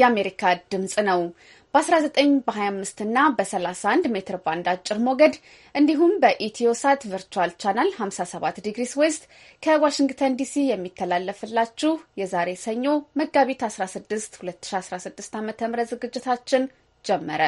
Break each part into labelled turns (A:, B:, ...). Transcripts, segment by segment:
A: የአሜሪካ ድምፅ ነው። በ19 በ25 እና በ31 ሜትር ባንድ አጭር ሞገድ እንዲሁም በኢትዮሳት ቨርቹዋል ቻናል 57 ዲግሪስ ዌስት ከዋሽንግተን ዲሲ የሚተላለፍላችሁ የዛሬ ሰኞ መጋቢት 16 2016 ም ዝግጅታችን ጀመረ።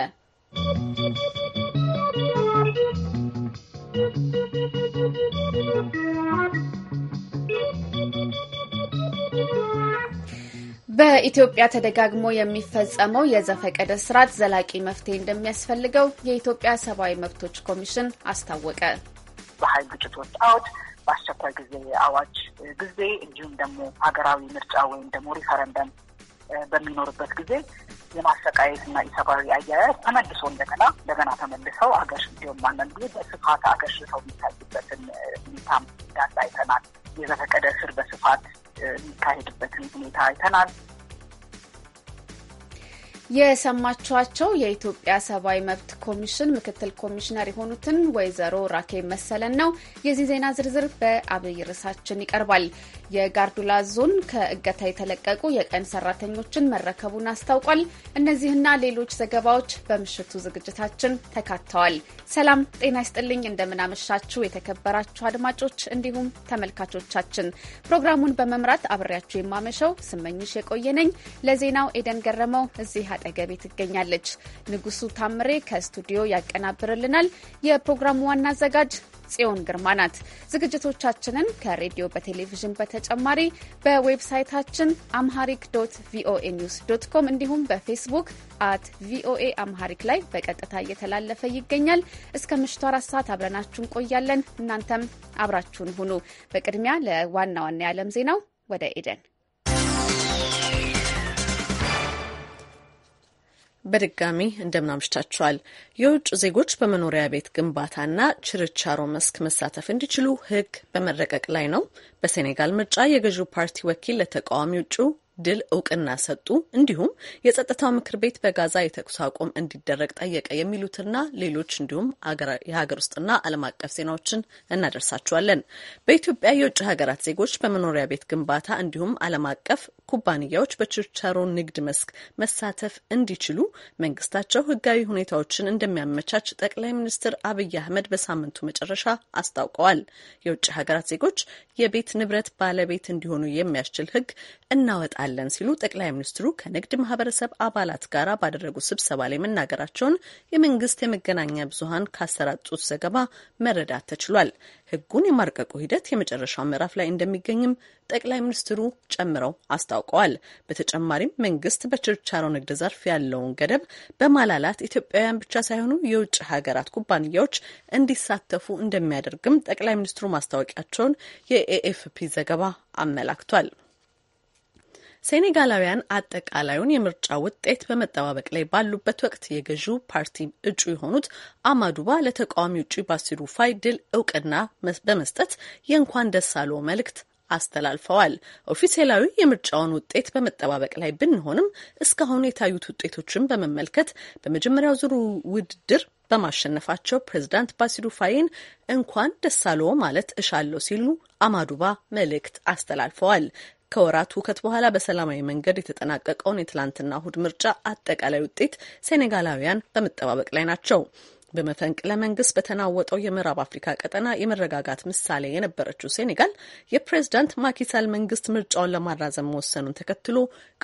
A: በኢትዮጵያ ተደጋግሞ የሚፈጸመው የዘፈቀደ ስርዓት ዘላቂ መፍትሄ እንደሚያስፈልገው የኢትዮጵያ ሰብአዊ መብቶች ኮሚሽን አስታወቀ።
B: በኃይል ግጭቶች አውድ፣ በአስቸኳይ ጊዜ አዋጅ ጊዜ እንዲሁም ደግሞ ሀገራዊ ምርጫ ወይም ደግሞ ሪፈረንደም በሚኖርበት ጊዜ የማሰቃየት እና ኢሰብአዊ አያያዝ ተመልሶ እንደገና እንደገና ተመልሰው አገር እንዲሁም አንዳንድ ጊዜ በስፋት አገር ሰው የሚታይበትን ሁኔታም እንዳለ አይተናል። የዘፈቀደ እስር በስፋት የሚካሄድበትን ሁኔታ አይተናል።
A: የሰማችኋቸው የኢትዮጵያ ሰብአዊ መብት ኮሚሽን ምክትል ኮሚሽነር የሆኑትን ወይዘሮ ራኬ መሰለን ነው። የዚህ ዜና ዝርዝር በአብይ ርዕሳችን ይቀርባል። የጋርዱላ ዞን ከእገታ የተለቀቁ የቀን ሰራተኞችን መረከቡን አስታውቋል። እነዚህና ሌሎች ዘገባዎች በምሽቱ ዝግጅታችን ተካተዋል። ሰላም ጤና ይስጥልኝ። እንደምናመሻችሁ የተከበራችሁ አድማጮች እንዲሁም ተመልካቾቻችን፣ ፕሮግራሙን በመምራት አብሬያችሁ የማመሸው ስመኝሽ የቆየ ነኝ። ለዜናው ኤደን ገረመው እዚህ አጠገቤ ትገኛለች። ንጉሱ ታምሬ ከስቱዲዮ ያቀናብርልናል። የፕሮግራሙ ዋና አዘጋጅ ጽዮን ግርማ ናት። ዝግጅቶቻችንን ከሬዲዮ በቴሌቪዥን በተጨማሪ በዌብሳይታችን አምሃሪክ ዶት ቪኦኤ ኒውስ ዶት ኮም እንዲሁም በፌስቡክ አት ቪኦኤ አምሃሪክ ላይ በቀጥታ እየተላለፈ ይገኛል። እስከ ምሽቱ አራት ሰዓት አብረናችሁ እንቆያለን። እናንተም አብራችሁን ሁኑ። በቅድሚያ ለዋና ዋና የዓለም ዜናው ወደ ኤደን
C: በድጋሚ እንደምናምሽታችኋል። የውጭ ዜጎች በመኖሪያ ቤት ግንባታና ችርቻሮ መስክ መሳተፍ እንዲችሉ ሕግ በመረቀቅ ላይ ነው። በሴኔጋል ምርጫ የገዢው ፓርቲ ወኪል ለተቃዋሚ እጩ ድል እውቅና ሰጡ፣ እንዲሁም የጸጥታው ምክር ቤት በጋዛ የተኩስ አቁም እንዲደረግ ጠየቀ የሚሉትና ሌሎች እንዲሁም የሀገር ውስጥና ዓለም አቀፍ ዜናዎችን እናደርሳችኋለን። በኢትዮጵያ የውጭ ሀገራት ዜጎች በመኖሪያ ቤት ግንባታ እንዲሁም ዓለም አቀፍ ኩባንያዎች በችርቻሮ ንግድ መስክ መሳተፍ እንዲችሉ መንግስታቸው ህጋዊ ሁኔታዎችን እንደሚያመቻች ጠቅላይ ሚኒስትር አብይ አህመድ በሳምንቱ መጨረሻ አስታውቀዋል። የውጭ ሀገራት ዜጎች የቤት ንብረት ባለቤት እንዲሆኑ የሚያስችል ህግ እናወጣል። አለን ሲሉ ጠቅላይ ሚኒስትሩ ከንግድ ማህበረሰብ አባላት ጋር ባደረጉት ስብሰባ ላይ መናገራቸውን የመንግስት የመገናኛ ብዙሀን ካሰራጡት ዘገባ መረዳት ተችሏል። ህጉን የማርቀቁ ሂደት የመጨረሻው ምዕራፍ ላይ እንደሚገኝም ጠቅላይ ሚኒስትሩ ጨምረው አስታውቀዋል። በተጨማሪም መንግስት በችርቻሮ ንግድ ዘርፍ ያለውን ገደብ በማላላት ኢትዮጵያውያን ብቻ ሳይሆኑ የውጭ ሀገራት ኩባንያዎች እንዲሳተፉ እንደሚያደርግም ጠቅላይ ሚኒስትሩ ማስታወቂያቸውን የኤኤፍፒ ዘገባ አመላክቷል። ሴኔጋላውያን አጠቃላዩን የምርጫ ውጤት በመጠባበቅ ላይ ባሉበት ወቅት የገዢው ፓርቲ እጩ የሆኑት አማዱባ ለተቃዋሚ እጩ ባሲሩ ፋይ ድል እውቅና በመስጠት የእንኳን ደስ አለው መልእክት አስተላልፈዋል። ኦፊሴላዊ የምርጫውን ውጤት በመጠባበቅ ላይ ብንሆንም እስካሁን የታዩት ውጤቶችን በመመልከት በመጀመሪያው ዙሩ ውድድር በማሸነፋቸው ፕሬዚዳንት ባሲሩ ፋይን እንኳን ደሳሎ ማለት እሻለሁ ሲሉ አማዱባ መልእክት አስተላልፈዋል። ከወራት ውከት በኋላ በሰላማዊ መንገድ የተጠናቀቀውን የትላንትና እሁድ ምርጫ አጠቃላይ ውጤት ሴኔጋላውያን በመጠባበቅ ላይ ናቸው። በመፈንቅለ መንግስት በተናወጠው የምዕራብ አፍሪካ ቀጠና የመረጋጋት ምሳሌ የነበረችው ሴኔጋል የፕሬዝዳንት ማኪሳል መንግስት ምርጫውን ለማራዘም መወሰኑን ተከትሎ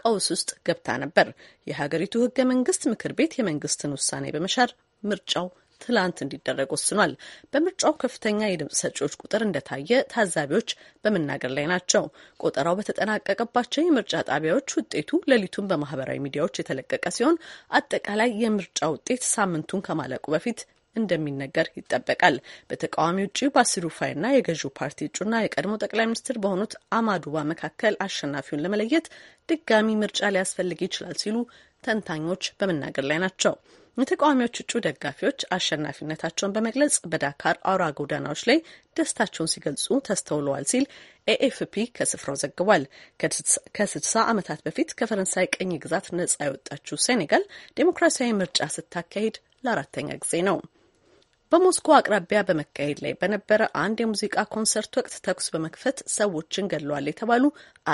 C: ቀውስ ውስጥ ገብታ ነበር። የሀገሪቱ ህገ መንግስት ምክር ቤት የመንግስትን ውሳኔ በመሻር ምርጫው ትላንት እንዲደረግ ወስኗል። በምርጫው ከፍተኛ የድምፅ ሰጪዎች ቁጥር እንደታየ ታዛቢዎች በመናገር ላይ ናቸው። ቆጠራው በተጠናቀቀባቸው የምርጫ ጣቢያዎች ውጤቱ ሌሊቱን በማህበራዊ ሚዲያዎች የተለቀቀ ሲሆን አጠቃላይ የምርጫ ውጤት ሳምንቱን ከማለቁ በፊት እንደሚነገር ይጠበቃል። በተቃዋሚ ውጪ በአስሩፋይና የገዢው ፓርቲ እጩና የቀድሞ ጠቅላይ ሚኒስትር በሆኑት አማዱባ መካከል አሸናፊውን ለመለየት ድጋሚ ምርጫ ሊያስፈልግ ይችላል ሲሉ ተንታኞች በመናገር ላይ ናቸው። የተቃዋሚዎች እጩ ደጋፊዎች አሸናፊነታቸውን በመግለጽ በዳካር አውራ ጎዳናዎች ላይ ደስታቸውን ሲገልጹ ተስተውለዋል ሲል ኤኤፍፒ ከስፍራው ዘግቧል። ከስድሳ ዓመታት በፊት ከፈረንሳይ ቅኝ ግዛት ነጻ የወጣችው ሴኔጋል ዴሞክራሲያዊ ምርጫ ስታካሂድ ለአራተኛ ጊዜ ነው። በሞስኮ አቅራቢያ በመካሄድ ላይ በነበረ አንድ የሙዚቃ ኮንሰርት ወቅት ተኩስ በመክፈት ሰዎችን ገድለዋል የተባሉ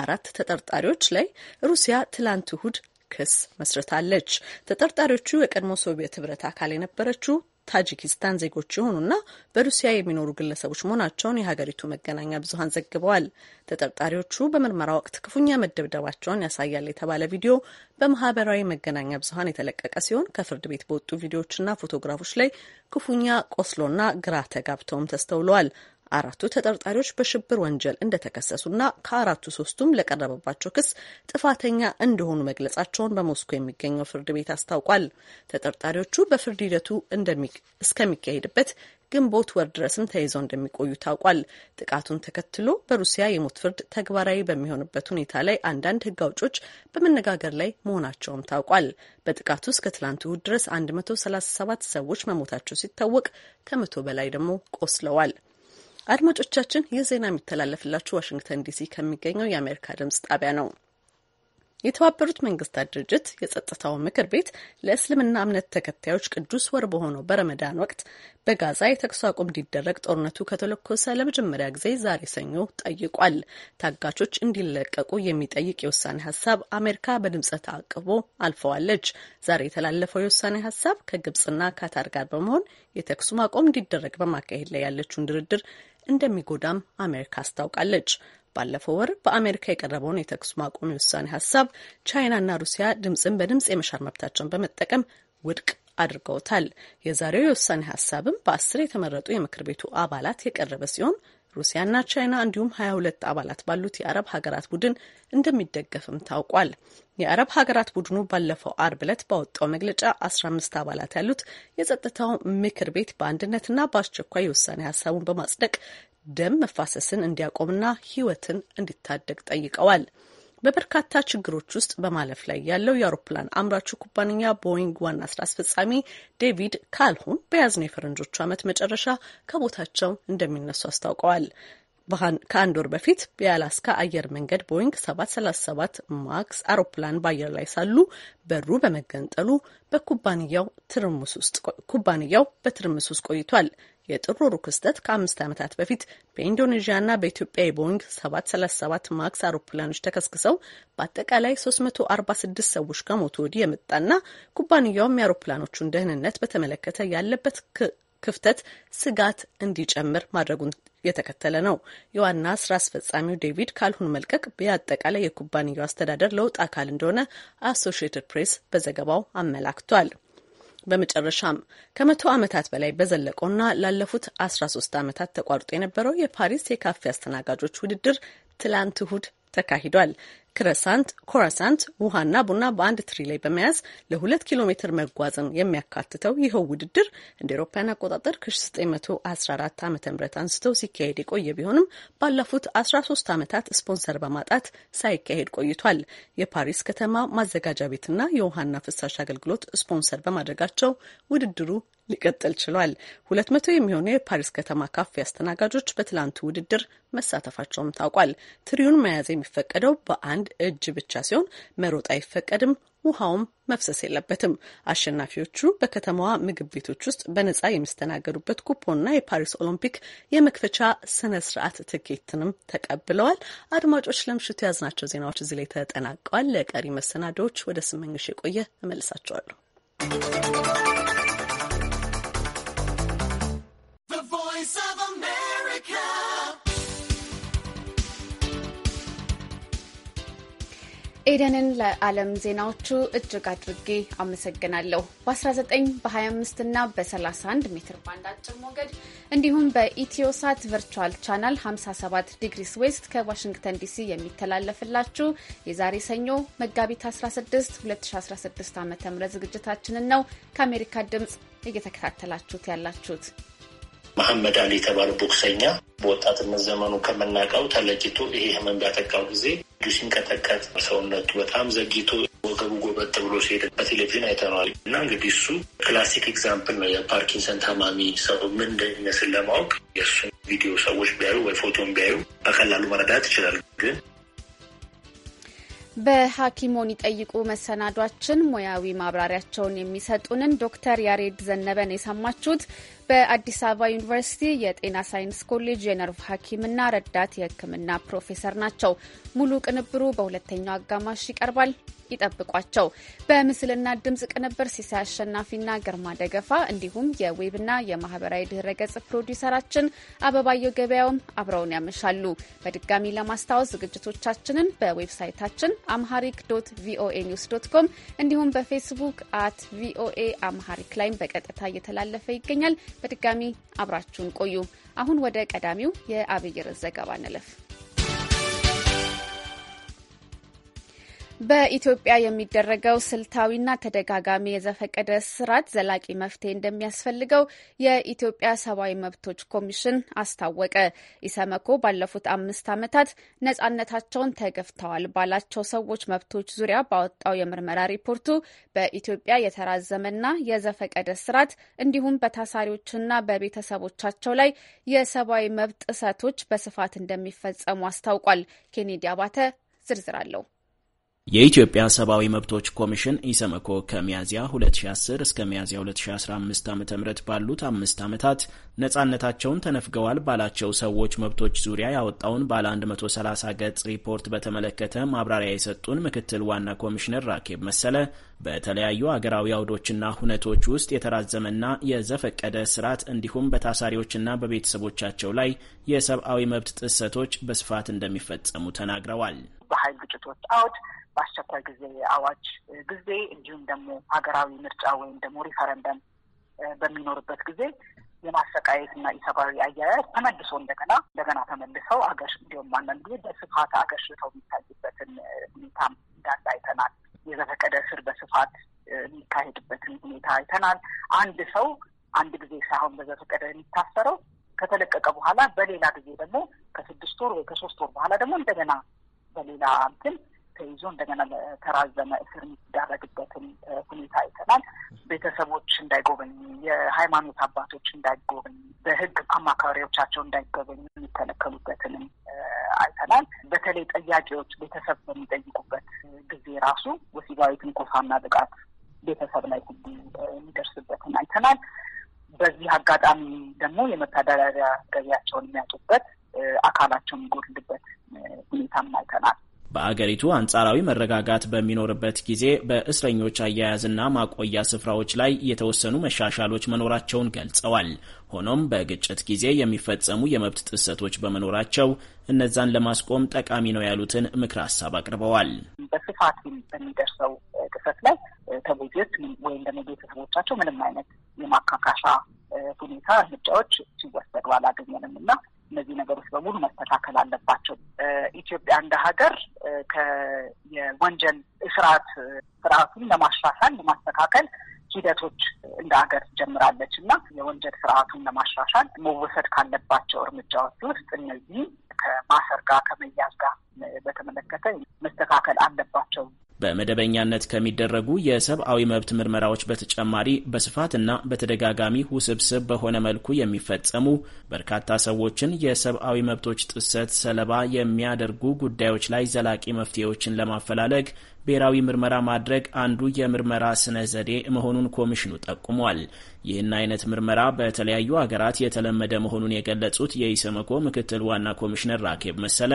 C: አራት ተጠርጣሪዎች ላይ ሩሲያ ትላንት እሁድ ክስ መስርታለች። ተጠርጣሪዎቹ የቀድሞ ሶቪየት ህብረት አካል የነበረችው ታጂኪስታን ዜጎች የሆኑና በሩሲያ የሚኖሩ ግለሰቦች መሆናቸውን የሀገሪቱ መገናኛ ብዙኃን ዘግበዋል። ተጠርጣሪዎቹ በምርመራ ወቅት ክፉኛ መደብደባቸውን ያሳያል የተባለ ቪዲዮ በማህበራዊ መገናኛ ብዙኃን የተለቀቀ ሲሆን ከፍርድ ቤት በወጡ ቪዲዮዎችና ፎቶግራፎች ላይ ክፉኛ ቆስሎና ግራ ተጋብተውም ተስተውለዋል። አራቱ ተጠርጣሪዎች በሽብር ወንጀል እንደተከሰሱና ከአራቱ ሶስቱም ለቀረበባቸው ክስ ጥፋተኛ እንደሆኑ መግለጻቸውን በሞስኮ የሚገኘው ፍርድ ቤት አስታውቋል። ተጠርጣሪዎቹ በፍርድ ሂደቱ እስከሚካሄድበት ግንቦት ወር ድረስም ተይዘው እንደሚቆዩ ታውቋል። ጥቃቱን ተከትሎ በሩሲያ የሞት ፍርድ ተግባራዊ በሚሆንበት ሁኔታ ላይ አንዳንድ ሕግ አውጮች በመነጋገር ላይ መሆናቸውም ታውቋል። በጥቃቱ እስከ ትላንት እሁድ ድረስ 137 ሰዎች መሞታቸው ሲታወቅ ከመቶ በላይ ደግሞ ቆስለዋል። አድማጮቻችን ይህ ዜና የሚተላለፍላችሁ ዋሽንግተን ዲሲ ከሚገኘው የአሜሪካ ድምጽ ጣቢያ ነው። የተባበሩት መንግስታት ድርጅት የጸጥታው ምክር ቤት ለእስልምና እምነት ተከታዮች ቅዱስ ወር በሆነው በረመዳን ወቅት በጋዛ የተኩስ አቁም እንዲደረግ ጦርነቱ ከተለኮሰ ለመጀመሪያ ጊዜ ዛሬ ሰኞ ጠይቋል። ታጋቾች እንዲለቀቁ የሚጠይቅ የውሳኔ ሀሳብ አሜሪካ በድምፀ ተአቅቦ አልፈዋለች። ዛሬ የተላለፈው የውሳኔ ሀሳብ ከግብፅና ካታር ጋር በመሆን የተኩስ ማቆም እንዲደረግ በማካሄድ ላይ ያለችውን ድርድር እንደሚጎዳም አሜሪካ አስታውቃለች። ባለፈው ወር በአሜሪካ የቀረበውን የተኩስ ማቆም ውሳኔ ሀሳብ ቻይናና ሩሲያ ድምፅን በድምፅ የመሻር መብታቸውን በመጠቀም ውድቅ አድርገውታል። የዛሬው የውሳኔ ሀሳብም በአስር የተመረጡ የምክር ቤቱ አባላት የቀረበ ሲሆን ሩሲያና ቻይና እንዲሁም ሀያ ሁለት አባላት ባሉት የአረብ ሀገራት ቡድን እንደሚደገፍም ታውቋል። የአረብ ሀገራት ቡድኑ ባለፈው አርብ ዕለት ባወጣው መግለጫ አስራ አምስት አባላት ያሉት የጸጥታው ምክር ቤት በአንድነትና በአስቸኳይ የውሳኔ ሀሳቡን በማጽደቅ ደም መፋሰስን እንዲያቆምና ሕይወትን እንዲታደግ ጠይቀዋል። በበርካታ ችግሮች ውስጥ በማለፍ ላይ ያለው የአውሮፕላን አምራቹ ኩባንያ ቦይንግ ዋና ስራ አስፈጻሚ ዴቪድ ካልሆን በያዝነው የፈረንጆቹ ዓመት መጨረሻ ከቦታቸው እንደሚነሱ አስታውቀዋል። ከአንድ ወር በፊት የአላስካ አየር መንገድ ቦይንግ 737 ማክስ አውሮፕላን በአየር ላይ ሳሉ በሩ በመገንጠሉ በኩባንያው በትርምስ ውስጥ ቆይቷል። የጥሩሩ ክስተት ከአምስት ዓመታት በፊት በኢንዶኔዥያና በኢትዮጵያ የቦይንግ 737 ማክስ አውሮፕላኖች ተከስክሰው በአጠቃላይ 346 ሰዎች ከሞቱ ወዲህ የመጣና ኩባንያውም የአውሮፕላኖቹን ደህንነት በተመለከተ ያለበት ክፍተት ስጋት እንዲጨምር ማድረጉን የተከተለ ነው። የዋና ስራ አስፈጻሚው ዴቪድ ካልሁን መልቀቅ የአጠቃላይ የኩባንያው አስተዳደር ለውጥ አካል እንደሆነ አሶሺየትድ ፕሬስ በዘገባው አመላክቷል። በመጨረሻም ከመቶ ዓመታት በላይ በዘለቀውና ላለፉት 13 ዓመታት ተቋርጦ የነበረው የፓሪስ የካፌ አስተናጋጆች ውድድር ትላንት እሁድ ተካሂዷል። ክረሳንት፣ ኮራሳንት፣ ውሃና ቡና በአንድ ትሪ ላይ በመያዝ ለሁለት ኪሎ ሜትር መጓዝን የሚያካትተው ይኸው ውድድር እንደ ኤሮፓያን አቆጣጠር ከ914 ዓ ም አንስተው ሲካሄድ የቆየ ቢሆንም ባለፉት 13 ዓመታት ስፖንሰር በማጣት ሳይካሄድ ቆይቷል። የፓሪስ ከተማ ማዘጋጃ ቤትና የውሃና ፍሳሽ አገልግሎት ስፖንሰር በማድረጋቸው ውድድሩ ሊቀጥል ችሏል። ሁለት መቶ የሚሆኑ የፓሪስ ከተማ ካፌ አስተናጋጆች በትላንቱ ውድድር መሳተፋቸውም ታውቋል። ትሪውን መያዝ የሚፈቀደው በአንድ እጅ ብቻ ሲሆን መሮጥ አይፈቀድም። ውሃውም መፍሰስ የለበትም። አሸናፊዎቹ በከተማዋ ምግብ ቤቶች ውስጥ በነጻ የሚስተናገዱበት ኩፖንና የፓሪስ ኦሎምፒክ የመክፈቻ ስነ ስርዓት ትኬትንም ተቀብለዋል። አድማጮች፣ ለምሽቱ የያዝናቸው ዜናዎች እዚህ ላይ ተጠናቀዋል። ለቀሪ መሰናዶዎች ወደ ስመኞሽ የቆየ እመልሳቸዋለሁ።
A: ኤደንን ለዓለም ዜናዎቹ እጅግ አድርጌ አመሰግናለሁ። በ19 በ25 እና በ31 ሜትር ባንድ አጭር ሞገድ እንዲሁም በኢትዮሳት ቨርቹዋል ቻናል 57 ዲግሪስ ዌስት ከዋሽንግተን ዲሲ የሚተላለፍላችሁ የዛሬ ሰኞ መጋቢት 16 2016 ዓ ም ዝግጅታችንን ነው ከአሜሪካ ድምፅ እየተከታተላችሁት ያላችሁት።
D: መሐመድ አሊ የተባለ ቦክሰኛ በወጣትነት ዘመኑ ከምናውቀው ተለይቶ ይሄ ህመም ቢያጠቃው ጊዜ እጁ ሲንቀጠቀጥ ሰውነቱ በጣም ዘግይቶ ወገቡ ጎበጥ ብሎ ሲሄድ በቴሌቪዥን አይተነዋል። እና እንግዲህ እሱ ክላሲክ ኤግዛምፕል ነው የፓርኪንሰን ታማሚ ሰው ምን እንደሚመስል ለማወቅ የእሱን ቪዲዮ ሰዎች ቢያዩ ወይ ፎቶን ቢያዩ በቀላሉ መረዳት ይችላል ግን
A: በሐኪሞን ይጠይቁ መሰናዷችን ሙያዊ ማብራሪያቸውን የሚሰጡንን ዶክተር ያሬድ ዘነበን የሰማችሁት። በአዲስ አበባ ዩኒቨርሲቲ የጤና ሳይንስ ኮሌጅ የነርቭ ሐኪምና ረዳት የሕክምና ፕሮፌሰር ናቸው። ሙሉ ቅንብሩ በሁለተኛው አጋማሽ ይቀርባል። ይጠብቋቸው። በምስልና ድምፅ ቅንብር ሲሳይ አሸናፊና ግርማ ደገፋ እንዲሁም የዌብና የማህበራዊ ድህረ ገጽ ፕሮዲውሰራችን አበባየው ገበያውም አብረውን ያመሻሉ። በድጋሚ ለማስታወስ ዝግጅቶቻችንን በዌብሳይታችን አምሃሪክ ዶት ቪኦኤ ኒውስ ዶት ኮም እንዲሁም በፌስቡክ አት ቪኦኤ አምሃሪክ ላይም በቀጥታ እየተላለፈ ይገኛል። በድጋሚ አብራችሁን ቆዩ። አሁን ወደ ቀዳሚው የአብይ ርዕስ ዘገባ እንለፍ። በኢትዮጵያ የሚደረገው ስልታዊና ተደጋጋሚ የዘፈቀደ ስርዓት ዘላቂ መፍትሄ እንደሚያስፈልገው የኢትዮጵያ ሰብአዊ መብቶች ኮሚሽን አስታወቀ። ኢሰመኮ ባለፉት አምስት ዓመታት ነጻነታቸውን ተገፍተዋል ባላቸው ሰዎች መብቶች ዙሪያ ባወጣው የምርመራ ሪፖርቱ በኢትዮጵያ የተራዘመና የዘፈቀደ ስርዓት እንዲሁም በታሳሪዎችና በቤተሰቦቻቸው ላይ የሰብአዊ መብት ጥሰቶች በስፋት እንደሚፈጸሙ አስታውቋል። ኬኔዲ አባተ ዝርዝር አለው።
E: የኢትዮጵያ ሰብአዊ መብቶች ኮሚሽን ኢሰመኮ ከሚያዝያ 2010 እስከ ሚያዝያ 2015 ዓ ም ባሉት አምስት ዓመታት ነጻነታቸውን ተነፍገዋል ባላቸው ሰዎች መብቶች ዙሪያ ያወጣውን ባለ 130 ገጽ ሪፖርት በተመለከተ ማብራሪያ የሰጡን ምክትል ዋና ኮሚሽነር ራኬብ መሰለ በተለያዩ አገራዊ አውዶችና ሁነቶች ውስጥ የተራዘመና የዘፈቀደ ስርዓት እንዲሁም በታሳሪዎችና በቤተሰቦቻቸው ላይ የሰብአዊ መብት ጥሰቶች በስፋት እንደሚፈጸሙ ተናግረዋል።
B: በኃይል ግጭቶች አውድ በአስቸኳይ ጊዜ አዋጅ ጊዜ እንዲሁም ደግሞ ሀገራዊ ምርጫ ወይም ደግሞ ሪፈረንደም በሚኖርበት ጊዜ የማሰቃየት እና ኢሰብአዊ አያያዝ ተመልሶ እንደገና እንደገና ተመልሰው አገር እንዲሁም አንዳንድ ጊዜ በስፋት አገርሽተው የሚታይበትን ሁኔታም እንዳለ አይተናል። የዘፈቀደ እስር በስፋት የሚካሄድበትን ሁኔታ አይተናል። አንድ ሰው አንድ ጊዜ ሳይሆን በዘፈቀደ የሚታሰረው ከተለቀቀ በኋላ በሌላ ጊዜ ደግሞ ከስድስት ወር ወይ ከሶስት ወር በኋላ ደግሞ እንደገና በሌላ እንትን ተይዞ እንደገና ለተራዘመ እስር የሚዳረግበትን ሁኔታ አይተናል። ቤተሰቦች እንዳይጎበኙ፣ የሃይማኖት አባቶች እንዳይጎበኙ፣ በህግ አማካሪዎቻቸው እንዳይጎበኙ የሚከለከሉበትንም አይተናል። በተለይ ጠያቂዎች ቤተሰብ በሚጠይቁበት ጊዜ ራሱ ወሲባዊ ትንኮሳና ጥቃት ቤተሰብ ላይ ሁሉ የሚደርስበትን አይተናል። በዚህ አጋጣሚ ደግሞ የመተዳደሪያ ገቢያቸውን የሚያጡበት አካላቸው የሚጎድልበት ሁኔታም አይተናል።
E: በአገሪቱ አንጻራዊ መረጋጋት በሚኖርበት ጊዜ በእስረኞች አያያዝና ማቆያ ስፍራዎች ላይ የተወሰኑ መሻሻሎች መኖራቸውን ገልጸዋል። ሆኖም በግጭት ጊዜ የሚፈጸሙ የመብት ጥሰቶች በመኖራቸው እነዛን ለማስቆም ጠቃሚ ነው ያሉትን ምክር ሀሳብ አቅርበዋል።
B: በስፋት በሚደርሰው ጥሰት ላይ ተጎጂዎች ወይም ደግሞ ቤተሰቦቻቸው ምንም አይነት የማካካሻ ሁኔታ እርምጃዎች ሲወሰዱ አላገኘንም እና እነዚህ ነገሮች በሙሉ መስተካከል አለባቸው። ኢትዮጵያ እንደ ሀገር የወንጀል ስርዓት ስርዓቱን ለማሻሻል ለማስተካከል ሂደቶች እንደ ሀገር ጀምራለች እና የወንጀል ስርዓቱን ለማሻሻል መወሰድ ካለባቸው እርምጃዎች ውስጥ እነዚህ
E: በመደበኛነት ከሚደረጉ የሰብአዊ መብት ምርመራዎች በተጨማሪ በስፋትና በተደጋጋሚ ውስብስብ በሆነ መልኩ የሚፈጸሙ በርካታ ሰዎችን የሰብአዊ መብቶች ጥሰት ሰለባ የሚያደርጉ ጉዳዮች ላይ ዘላቂ መፍትሄዎችን ለማፈላለግ ብሔራዊ ምርመራ ማድረግ አንዱ የምርመራ ስነ ዘዴ መሆኑን ኮሚሽኑ ጠቁሟል። ይህን አይነት ምርመራ በተለያዩ አገራት የተለመደ መሆኑን የገለጹት የኢሰመኮ ምክትል ዋና ኮሚሽነር ራኬብ መሰለ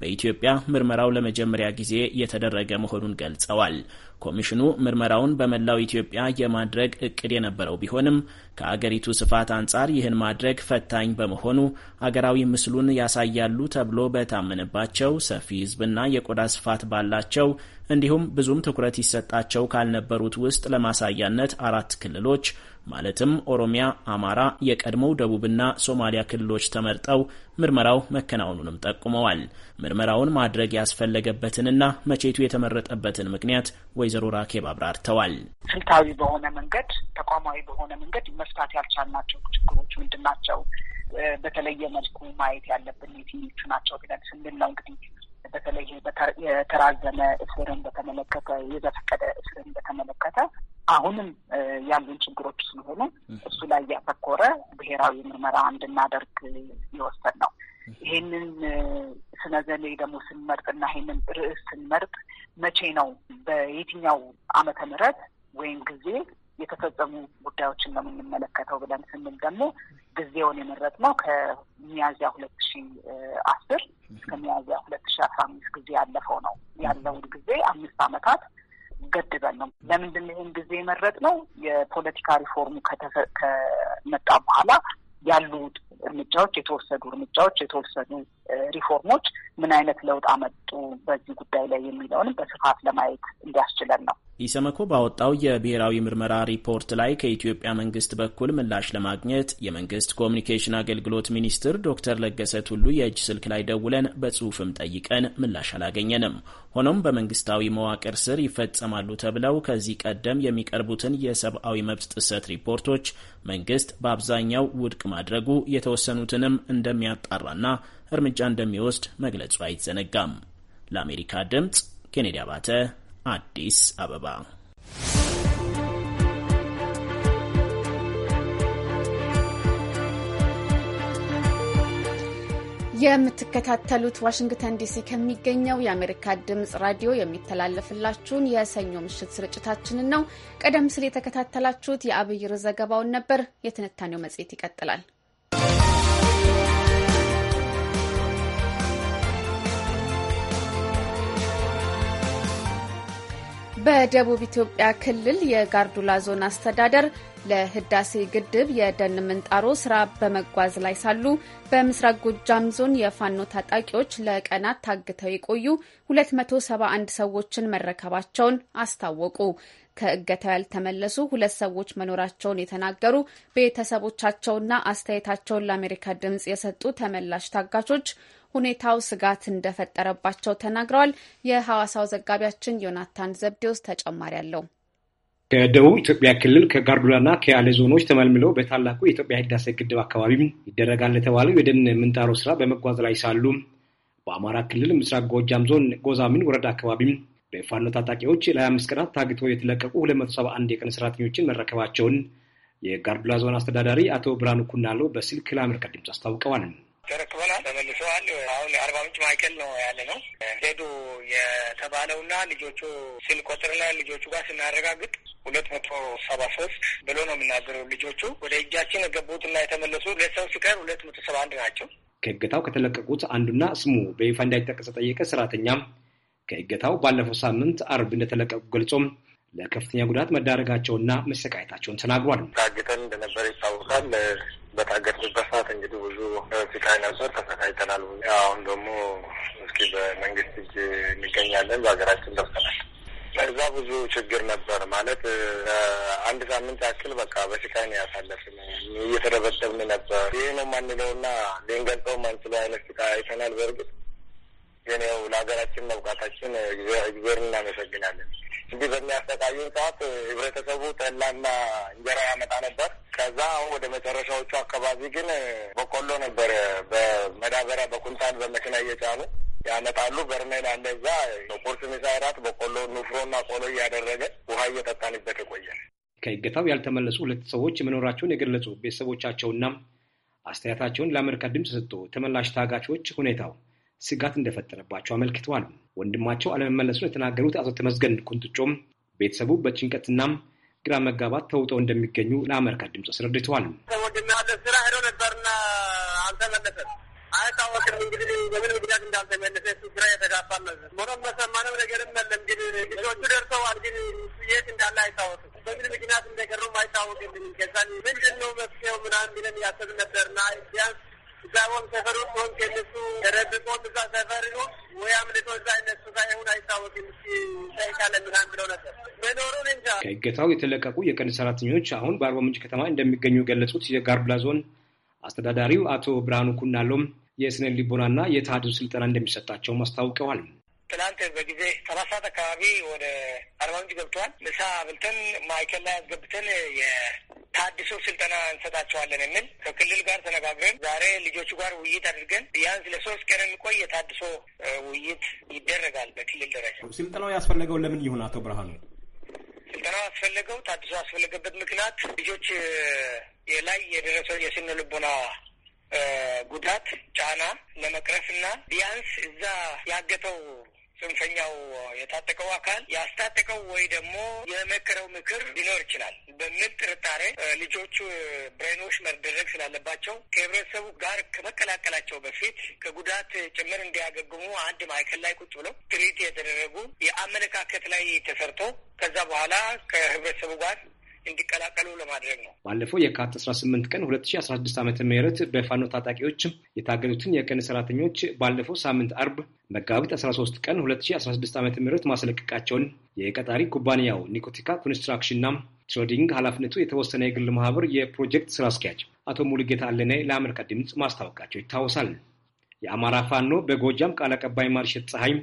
E: በኢትዮጵያ ምርመራው ለመጀመሪያ ጊዜ የተደረገ መሆኑን ገልጸዋል። ገልጸዋል። ኮሚሽኑ ምርመራውን በመላው ኢትዮጵያ የማድረግ እቅድ የነበረው ቢሆንም ከአገሪቱ ስፋት አንጻር ይህን ማድረግ ፈታኝ በመሆኑ አገራዊ ምስሉን ያሳያሉ ተብሎ በታመነባቸው ሰፊ ሕዝብና የቆዳ ስፋት ባላቸው እንዲሁም ብዙም ትኩረት ይሰጣቸው ካልነበሩት ውስጥ ለማሳያነት አራት ክልሎች ማለትም ኦሮሚያ፣ አማራ፣ የቀድሞው ደቡብና ሶማሊያ ክልሎች ተመርጠው ምርመራው መከናወኑንም ጠቁመዋል። ምርመራውን ማድረግ ያስፈለገበትንና መቼቱ የተመረጠበትን ምክንያት ወይዘሮ ራኬብ አብራርተዋል።
B: ስልታዊ በሆነ መንገድ ተቋማዊ በሆነ መንገድ መፍታት ያልቻልናቸው ችግሮች ምንድን ናቸው? በተለየ መልኩ ማየት ያለብን የትኞቹ ናቸው ብለን ስንል ነው እንግዲህ በተለይ የተራዘመ እስርን በተመለከተ የዘፈቀደ እስርን በተመለከተ አሁንም ያሉን ችግሮች ስለሆኑ እሱ ላይ ያተኮረ ብሔራዊ ምርመራ እንድናደርግ የወሰን ነው። ይሄንን ስነ ዘሌ ደግሞ ስንመርጥና ይሄንን ርዕስ ስንመርጥ መቼ ነው በየትኛው ዓመተ ምሕረት ወይም ጊዜ የተፈጸሙ ጉዳዮችን ነው የምንመለከተው ብለን ስንል ደግሞ ጊዜውን የመረጥነው ከሚያዝያ ሁለት ሺ አስር እስከ ሚያዝያ ሁለት ሺ አስራ አምስት ጊዜ ያለፈው ነው ያለውን ጊዜ አምስት ዓመታት ገድበን ነው። ለምንድን ይህን ጊዜ የመረጥነው? የፖለቲካ ሪፎርሙ ከመጣ በኋላ ያሉ እርምጃዎች፣ የተወሰዱ እርምጃዎች፣ የተወሰዱ ሪፎርሞች ምን አይነት ለውጥ አመጡ በዚህ ጉዳይ ላይ የሚለውንም በስፋት ለማየት እንዲያስችለን ነው።
E: ኢሰመኮ ባወጣው የብሔራዊ ምርመራ ሪፖርት ላይ ከኢትዮጵያ መንግስት በኩል ምላሽ ለማግኘት የመንግስት ኮሚኒኬሽን አገልግሎት ሚኒስትር ዶክተር ለገሰ ቱሉ የእጅ ስልክ ላይ ደውለን በጽሁፍም ጠይቀን ምላሽ አላገኘንም። ሆኖም በመንግስታዊ መዋቅር ስር ይፈጸማሉ ተብለው ከዚህ ቀደም የሚቀርቡትን የሰብአዊ መብት ጥሰት ሪፖርቶች መንግስት በአብዛኛው ውድቅ ማድረጉ፣ የተወሰኑትንም እንደሚያጣራና እርምጃ እንደሚወስድ መግለጹ አይዘነጋም። ለአሜሪካ ድምጽ ኬኔዲ አባተ አዲስ አበባ።
A: የምትከታተሉት ዋሽንግተን ዲሲ ከሚገኘው የአሜሪካ ድምፅ ራዲዮ የሚተላለፍላችሁን የሰኞ ምሽት ስርጭታችንን ነው። ቀደም ሲል የተከታተላችሁት የአብይር ዘገባውን ነበር። የትንታኔው መጽሔት ይቀጥላል። በደቡብ ኢትዮጵያ ክልል የጋርዱላ ዞን አስተዳደር ለህዳሴ ግድብ የደን ምንጣሮ ስራ በመጓዝ ላይ ሳሉ በምስራቅ ጎጃም ዞን የፋኖ ታጣቂዎች ለቀናት ታግተው የቆዩ 271 ሰዎችን መረከባቸውን አስታወቁ። ከእገታው ያልተመለሱ ሁለት ሰዎች መኖራቸውን የተናገሩ ቤተሰቦቻቸውና አስተያየታቸውን ለአሜሪካ ድምጽ የሰጡ ተመላሽ ታጋቾች ሁኔታው ስጋት እንደፈጠረባቸው ተናግረዋል። የሐዋሳው ዘጋቢያችን ዮናታን ዘብዴውስ ተጨማሪ አለው።
F: ከደቡብ ኢትዮጵያ ክልል ከጋርዱላና ከያሌ ዞኖች ተመልምለው በታላቁ የኢትዮጵያ ህዳሴ ግድብ አካባቢ ይደረጋል ለተባለው የደን ምንጣሮ ስራ በመጓዝ ላይ ሳሉ በአማራ ክልል ምስራቅ ጎጃም ዞን ጎዛምን ወረዳ አካባቢም በፋኖ ታጣቂዎች ለ25 ቀናት ታግተው የተለቀቁ 271 የቀን ሰራተኞችን መረከባቸውን የጋርዱላ ዞን አስተዳዳሪ አቶ ብርሃኑ ኩናሎ በስልክ ለአሜሪካ ድምፅ አስታውቀዋል። ተረክበናል፣ ተመልሰዋል።
G: አሁን የአርባ ምንጭ ማዕከል ነው ያለ ነው ሄዱ የተባለውና ልጆቹ ስንቆጥርና ልጆቹ ጋር ስናረጋግጥ ሁለት መቶ ሰባ ሶስት ብሎ ነው የምናገረው። ልጆቹ
F: ወደ እጃችን የገቡትና የተመለሱ ሁለት ሰው ሲቀር ሁለት መቶ ሰባ አንድ ናቸው። ከእገታው ከተለቀቁት አንዱና ስሙ በይፋ እንዳይጠቀስ ጠየቀ ሰራተኛም ከእገታው ባለፈው ሳምንት አርብ እንደተለቀቁ ገልጾም ለከፍተኛ ጉዳት መዳረጋቸውና መሰቃየታቸውን ተናግሯል። ታግተን እንደነበር ይታወቃል። በታገትንበት
G: ሰዓት እንግዲህ ብዙ ስቃይ ነበር፣ ተሰቃይተናል። አሁን ደግሞ እስኪ በመንግስት እጅ እንገኛለን፣ በሀገራችን ደርሰናል። እዛ ብዙ ችግር ነበር። ማለት አንድ ሳምንት ያክል በቃ በስቃይ ነው ያሳለፍን። እየተደበደብን ነበር። ይህ ነው ማንለውና ልንገልጸው ማንችለው አይነት ስቃይ አይተናል። በእርግጥ ግን ያው ለሀገራችን መብቃታችን እግዜር እናመሰግናለን። እንዲህ በሚያሰቃዩን ሰዓት ህብረተሰቡ ጠላና እንጀራ ያመጣ ነበር። ከዛ አሁን ወደ መጨረሻዎቹ አካባቢ ግን በቆሎ ነበር በመዳበሪያ በኩንታል በመኪና እየጫኑ ያመጣሉ። በርሜል አለ እዛ ቁርስ፣ ምሳ፣ እራት በቆሎ ንፍሮና ቆሎ እያደረገ ውሃ እየጠጣንበት
F: የቆየን። ከእገታው ያልተመለሱ ሁለት ሰዎች መኖራቸውን የገለጹ ቤተሰቦቻቸውና አስተያየታቸውን ለአሜሪካ ድምፅ ሰጥቶ ተመላሽ ታጋቾች ሁኔታው ስጋት እንደፈጠረባቸው አመልክተዋል። ወንድማቸው አለመመለሱን የተናገሩት አቶ ተመስገን ኩንትጮም ቤተሰቡ በጭንቀትና ግራ መጋባት ተውጠው እንደሚገኙ ለአሜሪካ ድምፅ አስረድተዋል። ወንድሜ ስራ
G: ሄዶ ነበርና አልተመለሰም። አይታወቅም እንግዲህ በምን ምክንያት እንዳልተመለሰ እሱ ግራ የተጋባ ነበር። በሰማነው ነገርም የለም ግን ልጆቹ ደርሰዋል። ግን የት እንዳለ አይታወቅም። በምን ምክንያት አይታወቅም። ከዛ ምንድን ነው መፍትሄው ምናምን ብለን ያሰብ ነበርና ቢያንስ እዛም ሰፈሩ ወንቅ የነሱ ተደብቆ እዛ ሰፈር ነው ወይ አምልጦ እዛ እነሱ ጋር ይሁን አይታወቅም።
F: ጠይቃለን ምናምን ብለው ነበር ከእገታው የተለቀቁ የቀን ሰራተኞች አሁን በአርባ ምንጭ ከተማ እንደሚገኙ የገለጹት የጋርዱላ ዞን አስተዳዳሪው አቶ ብርሃኑ ኩናሎም የስነ ልቦናና የታድሱ ስልጠና እንደሚሰጣቸውም አስታውቀዋል።
G: ትናንት በጊዜ ሰባት ሰዓት አካባቢ ወደ አርባ ምንጭ ገብተዋል። ምሳ አብልተን ማዕከል ላይ አስገብተን የታድሶ ስልጠና እንሰጣቸዋለን የሚል ከክልል ጋር ተነጋግረን ዛሬ ልጆቹ ጋር ውይይት አድርገን ቢያንስ ለሶስት ቀን የሚቆይ የታድሶ ውይይት ይደረጋል በክልል
F: ደረጃ። ስልጠናው ያስፈለገው ለምን ይሁን አቶ ብርሃኑ?
G: ስልጠናው ያስፈለገው ታድሶ ያስፈለገበት ምክንያት ልጆች ላይ የደረሰው የስነ ልቦና ጉዳት ጫና ለመቅረፍ እና ቢያንስ እዛ ያገተው ጽንፈኛው የታጠቀው አካል ያስታጠቀው ወይ ደግሞ የመከረው ምክር ሊኖር ይችላል በሚል ጥርጣሬ ልጆቹ ብሬኖች መደረግ ስላለባቸው ከህብረተሰቡ ጋር ከመቀላቀላቸው በፊት ከጉዳት ጭምር እንዲያገግሙ አንድ ማዕከል ላይ ቁጭ ብለው ትሪት የተደረጉ የአመለካከት ላይ ተሰርቶ ከዛ በኋላ ከህብረተሰቡ ጋር
F: እንዲቀላቀሉ ለማድረግ ነው። ባለፈው የካቲት 18 ቀን 2016 ዓ ም በፋኖ ታጣቂዎች የታገዱትን የቀን ሰራተኞች ባለፈው ሳምንት አርብ መጋቢት 13 ቀን 2016 ዓ ም ማስለቀቃቸውን የቀጣሪ ኩባንያው ኒኮቲካ ኮንስትራክሽንና ትሬዲንግ ኃላፊነቱ የተወሰነ የግል ማህበር የፕሮጀክት ስራ አስኪያጅ አቶ ሙሉጌታ አለነ ለአሜሪካ ድምፅ ማስታወቃቸው ይታወሳል። የአማራ ፋኖ በጎጃም ቃል አቀባይ ማርሸት ፀሐይ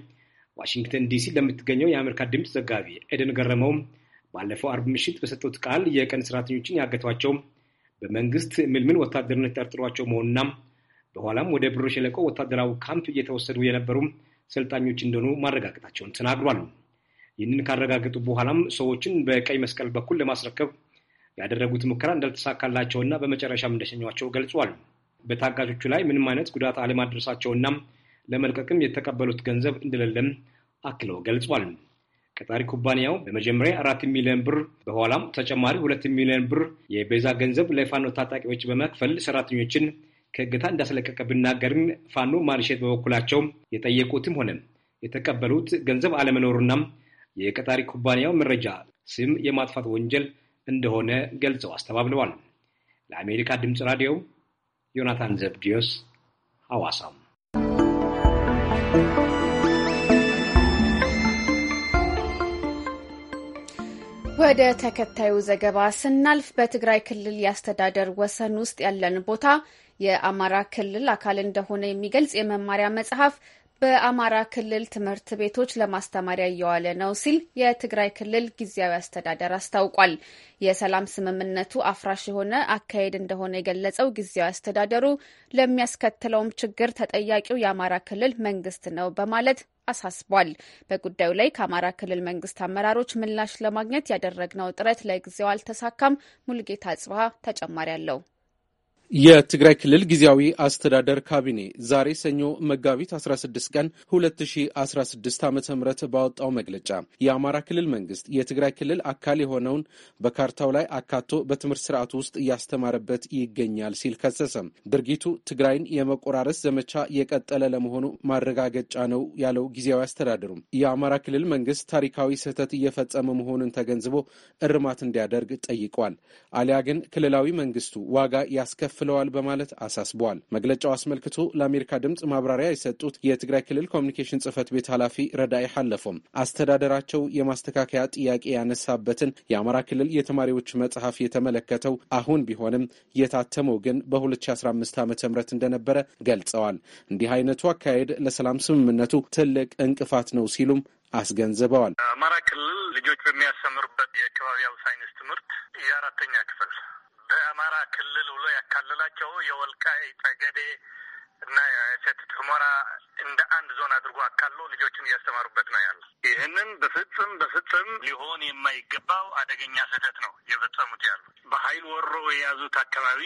F: ዋሽንግተን ዲሲ ለምትገኘው የአሜሪካ ድምፅ ዘጋቢ ኤደን ገረመው ባለፈው አርብ ምሽት በሰጡት ቃል የቀን ሰራተኞችን ያገቷቸው በመንግስት ምልምል ወታደርነት ጠርጥሯቸው መሆኑና በኋላም ወደ ብር ሸለቆ ወታደራዊ ካምፕ እየተወሰዱ የነበሩ ሰልጣኞች እንደሆኑ ማረጋገጣቸውን ተናግሯል። ይህንን ካረጋገጡ በኋላም ሰዎችን በቀይ መስቀል በኩል ለማስረከብ ያደረጉት ሙከራ እንዳልተሳካላቸውና በመጨረሻም እንደሸኟቸው ገልጿል። በታጋቾቹ ላይ ምንም አይነት ጉዳት አለማድረሳቸውና ለመልቀቅም የተቀበሉት ገንዘብ እንደሌለም አክለው ገልጿል። ቀጣሪ ኩባንያው በመጀመሪያ አራት ሚሊዮን ብር በኋላም ተጨማሪ ሁለት ሚሊዮን ብር የቤዛ ገንዘብ ለፋኖ ታጣቂዎች በመክፈል ሰራተኞችን ከእገታ እንዳስለቀቀ ብናገርም ፋኖ ማርሼት በበኩላቸው የጠየቁትም ሆነ የተቀበሉት ገንዘብ አለመኖሩና የቀጣሪ ኩባንያው መረጃ ስም የማጥፋት ወንጀል እንደሆነ ገልጸው አስተባብለዋል። ለአሜሪካ ድምፅ ራዲዮ ዮናታን ዘብዲዮስ ሐዋሳም
A: ወደ ተከታዩ ዘገባ ስናልፍ በትግራይ ክልል የአስተዳደር ወሰን ውስጥ ያለን ቦታ የአማራ ክልል አካል እንደሆነ የሚገልጽ የመማሪያ መጽሐፍ በአማራ ክልል ትምህርት ቤቶች ለማስተማሪያ እየዋለ ነው ሲል የትግራይ ክልል ጊዜያዊ አስተዳደር አስታውቋል። የሰላም ስምምነቱ አፍራሽ የሆነ አካሄድ እንደሆነ የገለጸው ጊዜያዊ አስተዳደሩ ለሚያስከትለውም ችግር ተጠያቂው የአማራ ክልል መንግስት ነው በማለት አሳስቧል። በጉዳዩ ላይ ከአማራ ክልል መንግስት አመራሮች ምላሽ ለማግኘት ያደረግነው ጥረት ለጊዜው አልተሳካም። ሙልጌታ ጽብሃ ተጨማሪ አለው።
H: የትግራይ ክልል ጊዜያዊ አስተዳደር ካቢኔ ዛሬ ሰኞ መጋቢት 16 ቀን 2016 ዓ ም ባወጣው መግለጫ የአማራ ክልል መንግስት የትግራይ ክልል አካል የሆነውን በካርታው ላይ አካቶ በትምህርት ስርዓቱ ውስጥ እያስተማረበት ይገኛል ሲል ከሰሰም። ድርጊቱ ትግራይን የመቆራረስ ዘመቻ የቀጠለ ለመሆኑ ማረጋገጫ ነው ያለው ጊዜያዊ አስተዳደሩም የአማራ ክልል መንግስት ታሪካዊ ስህተት እየፈጸመ መሆኑን ተገንዝቦ እርማት እንዲያደርግ ጠይቋል። አሊያ ግን ክልላዊ መንግስቱ ዋጋ ያስከፍ ከፍለዋል በማለት አሳስበዋል። መግለጫው አስመልክቶ ለአሜሪካ ድምፅ ማብራሪያ የሰጡት የትግራይ ክልል ኮሚኒኬሽን ጽህፈት ቤት ኃላፊ ረዳይ ሐለፎም አስተዳደራቸው የማስተካከያ ጥያቄ ያነሳበትን የአማራ ክልል የተማሪዎች መጽሐፍ የተመለከተው አሁን ቢሆንም የታተመው ግን በ2015 ዓ ም እንደነበረ ገልጸዋል። እንዲህ አይነቱ አካሄድ ለሰላም ስምምነቱ ትልቅ እንቅፋት ነው ሲሉም አስገንዝበዋል። አማራ ክልል ልጆች በሚያስተምሩበት የአካባቢያዊ ሳይንስ ትምህርት
G: የአራተኛ ክፍል በአማራ ክልል ብሎ ያካለላቸው የወልቃይ ጠገዴ እና ሰቲት ሁመራ እንደ አንድ ዞን አድርጎ አካሎ ልጆችን እያስተማሩበት ነው ያለ። ይህንን በፍጹም በፍጹም ሊሆን የማይገባው አደገኛ ስህተት ነው የፈጸሙት ያሉ። በኃይል ወሮ የያዙት አካባቢ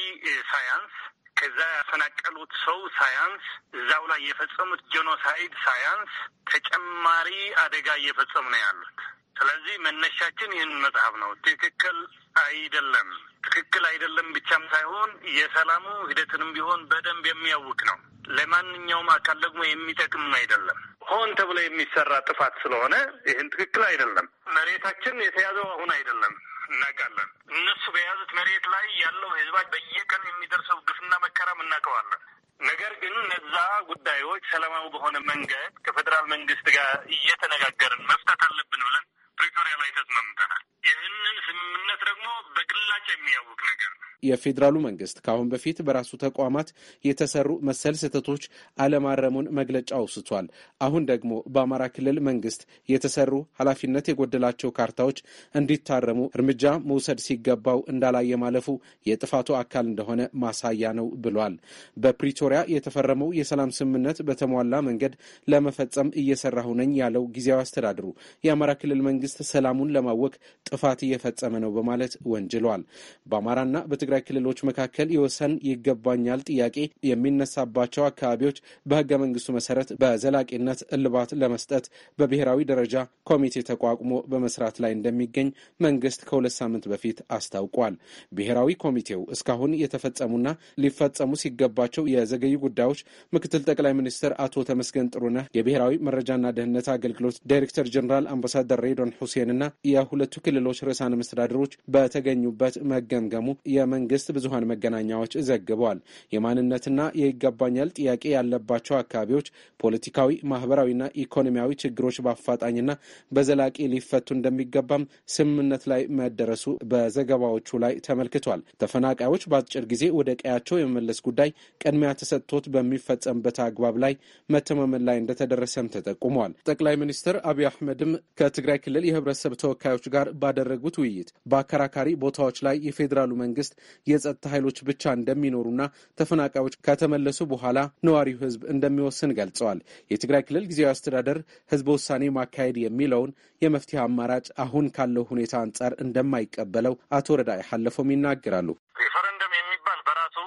G: ሳያንስ፣ ከዛ ያፈናቀሉት ሰው ሳያንስ፣ እዛው ላይ የፈጸሙት ጄኖሳይድ ሳያንስ ተጨማሪ አደጋ እየፈጸሙ ነው ያሉት። ስለዚህ መነሻችን ይህን መጽሐፍ ነው። ትክክል አይደለም ትክክል አይደለም ብቻም ሳይሆን የሰላሙ ሂደትንም ቢሆን በደንብ የሚያውቅ ነው። ለማንኛውም አካል ደግሞ የሚጠቅም አይደለም። ሆን ተብሎ የሚሰራ ጥፋት ስለሆነ ይህን ትክክል አይደለም። መሬታችን የተያዘው አሁን አይደለም እናውቃለን። እነሱ በያዙት መሬት ላይ ያለው ህዝባች በየቀን የሚደርሰው ግፍና መከራም እናውቀዋለን። ነገር ግን እነዛ ጉዳዮች ሰላማዊ በሆነ መንገድ ከፌዴራል መንግስት ጋር እየተነጋገርን መፍታት አለብን ብለን ፕሪቶሪያ ላይ ተስማምተናል። ይህንን
H: ስምምነት ደግሞ በግላጭ የሚያውቅ ነገር ነው። የፌዴራሉ መንግስት ከአሁን በፊት በራሱ ተቋማት የተሰሩ መሰል ስህተቶች አለማረሙን መግለጫ አውስቷል። አሁን ደግሞ በአማራ ክልል መንግስት የተሰሩ ኃላፊነት የጎደላቸው ካርታዎች እንዲታረሙ እርምጃ መውሰድ ሲገባው እንዳላየ ማለፉ የጥፋቱ አካል እንደሆነ ማሳያ ነው ብሏል። በፕሪቶሪያ የተፈረመው የሰላም ስምምነት በተሟላ መንገድ ለመፈጸም እየሰራሁ ነኝ ያለው ጊዜያዊ አስተዳድሩ የአማራ ክልል መንግስት መንግስት ሰላሙን ለማወክ ጥፋት እየፈጸመ ነው በማለት ወንጅሏል። በአማራና በትግራይ ክልሎች መካከል የወሰን ይገባኛል ጥያቄ የሚነሳባቸው አካባቢዎች በህገ መንግስቱ መሰረት በዘላቂነት እልባት ለመስጠት በብሔራዊ ደረጃ ኮሚቴ ተቋቁሞ በመስራት ላይ እንደሚገኝ መንግስት ከሁለት ሳምንት በፊት አስታውቋል። ብሔራዊ ኮሚቴው እስካሁን የተፈጸሙና ሊፈጸሙ ሲገባቸው የዘገዩ ጉዳዮች ምክትል ጠቅላይ ሚኒስትር አቶ ተመስገን ጥሩነህ፣ የብሔራዊ መረጃና ደህንነት አገልግሎት ዳይሬክተር ጀኔራል አምባሳደር ሬድዋን ሁሴንና የሁለቱ ክልሎች ርዕሳነ መስተዳድሮች በተገኙበት መገምገሙ የመንግስት ብዙሀን መገናኛዎች ዘግበዋል። የማንነትና የይገባኛል ጥያቄ ያለባቸው አካባቢዎች ፖለቲካዊ፣ ማህበራዊና ኢኮኖሚያዊ ችግሮች በአፋጣኝና በዘላቂ ሊፈቱ እንደሚገባም ስምምነት ላይ መደረሱ በዘገባዎቹ ላይ ተመልክቷል። ተፈናቃዮች በአጭር ጊዜ ወደ ቀያቸው የመመለስ ጉዳይ ቅድሚያ ተሰጥቶት በሚፈጸምበት አግባብ ላይ መተማመን ላይ እንደተደረሰም ተጠቁመዋል። ጠቅላይ ሚኒስትር አብይ አህመድም ከትግራይ ክልል የህብረተሰብ ተወካዮች ጋር ባደረጉት ውይይት በአከራካሪ ቦታዎች ላይ የፌዴራሉ መንግስት የጸጥታ ኃይሎች ብቻ እንደሚኖሩና ተፈናቃዮች ከተመለሱ በኋላ ነዋሪው ህዝብ እንደሚወስን ገልጸዋል። የትግራይ ክልል ጊዜያዊ አስተዳደር ህዝበ ውሳኔ ማካሄድ የሚለውን የመፍትሄ አማራጭ አሁን ካለው ሁኔታ አንጻር እንደማይቀበለው አቶ ረዳይ ሀለፎም ይናገራሉ። ሪፈረንደም የሚባል በራሱ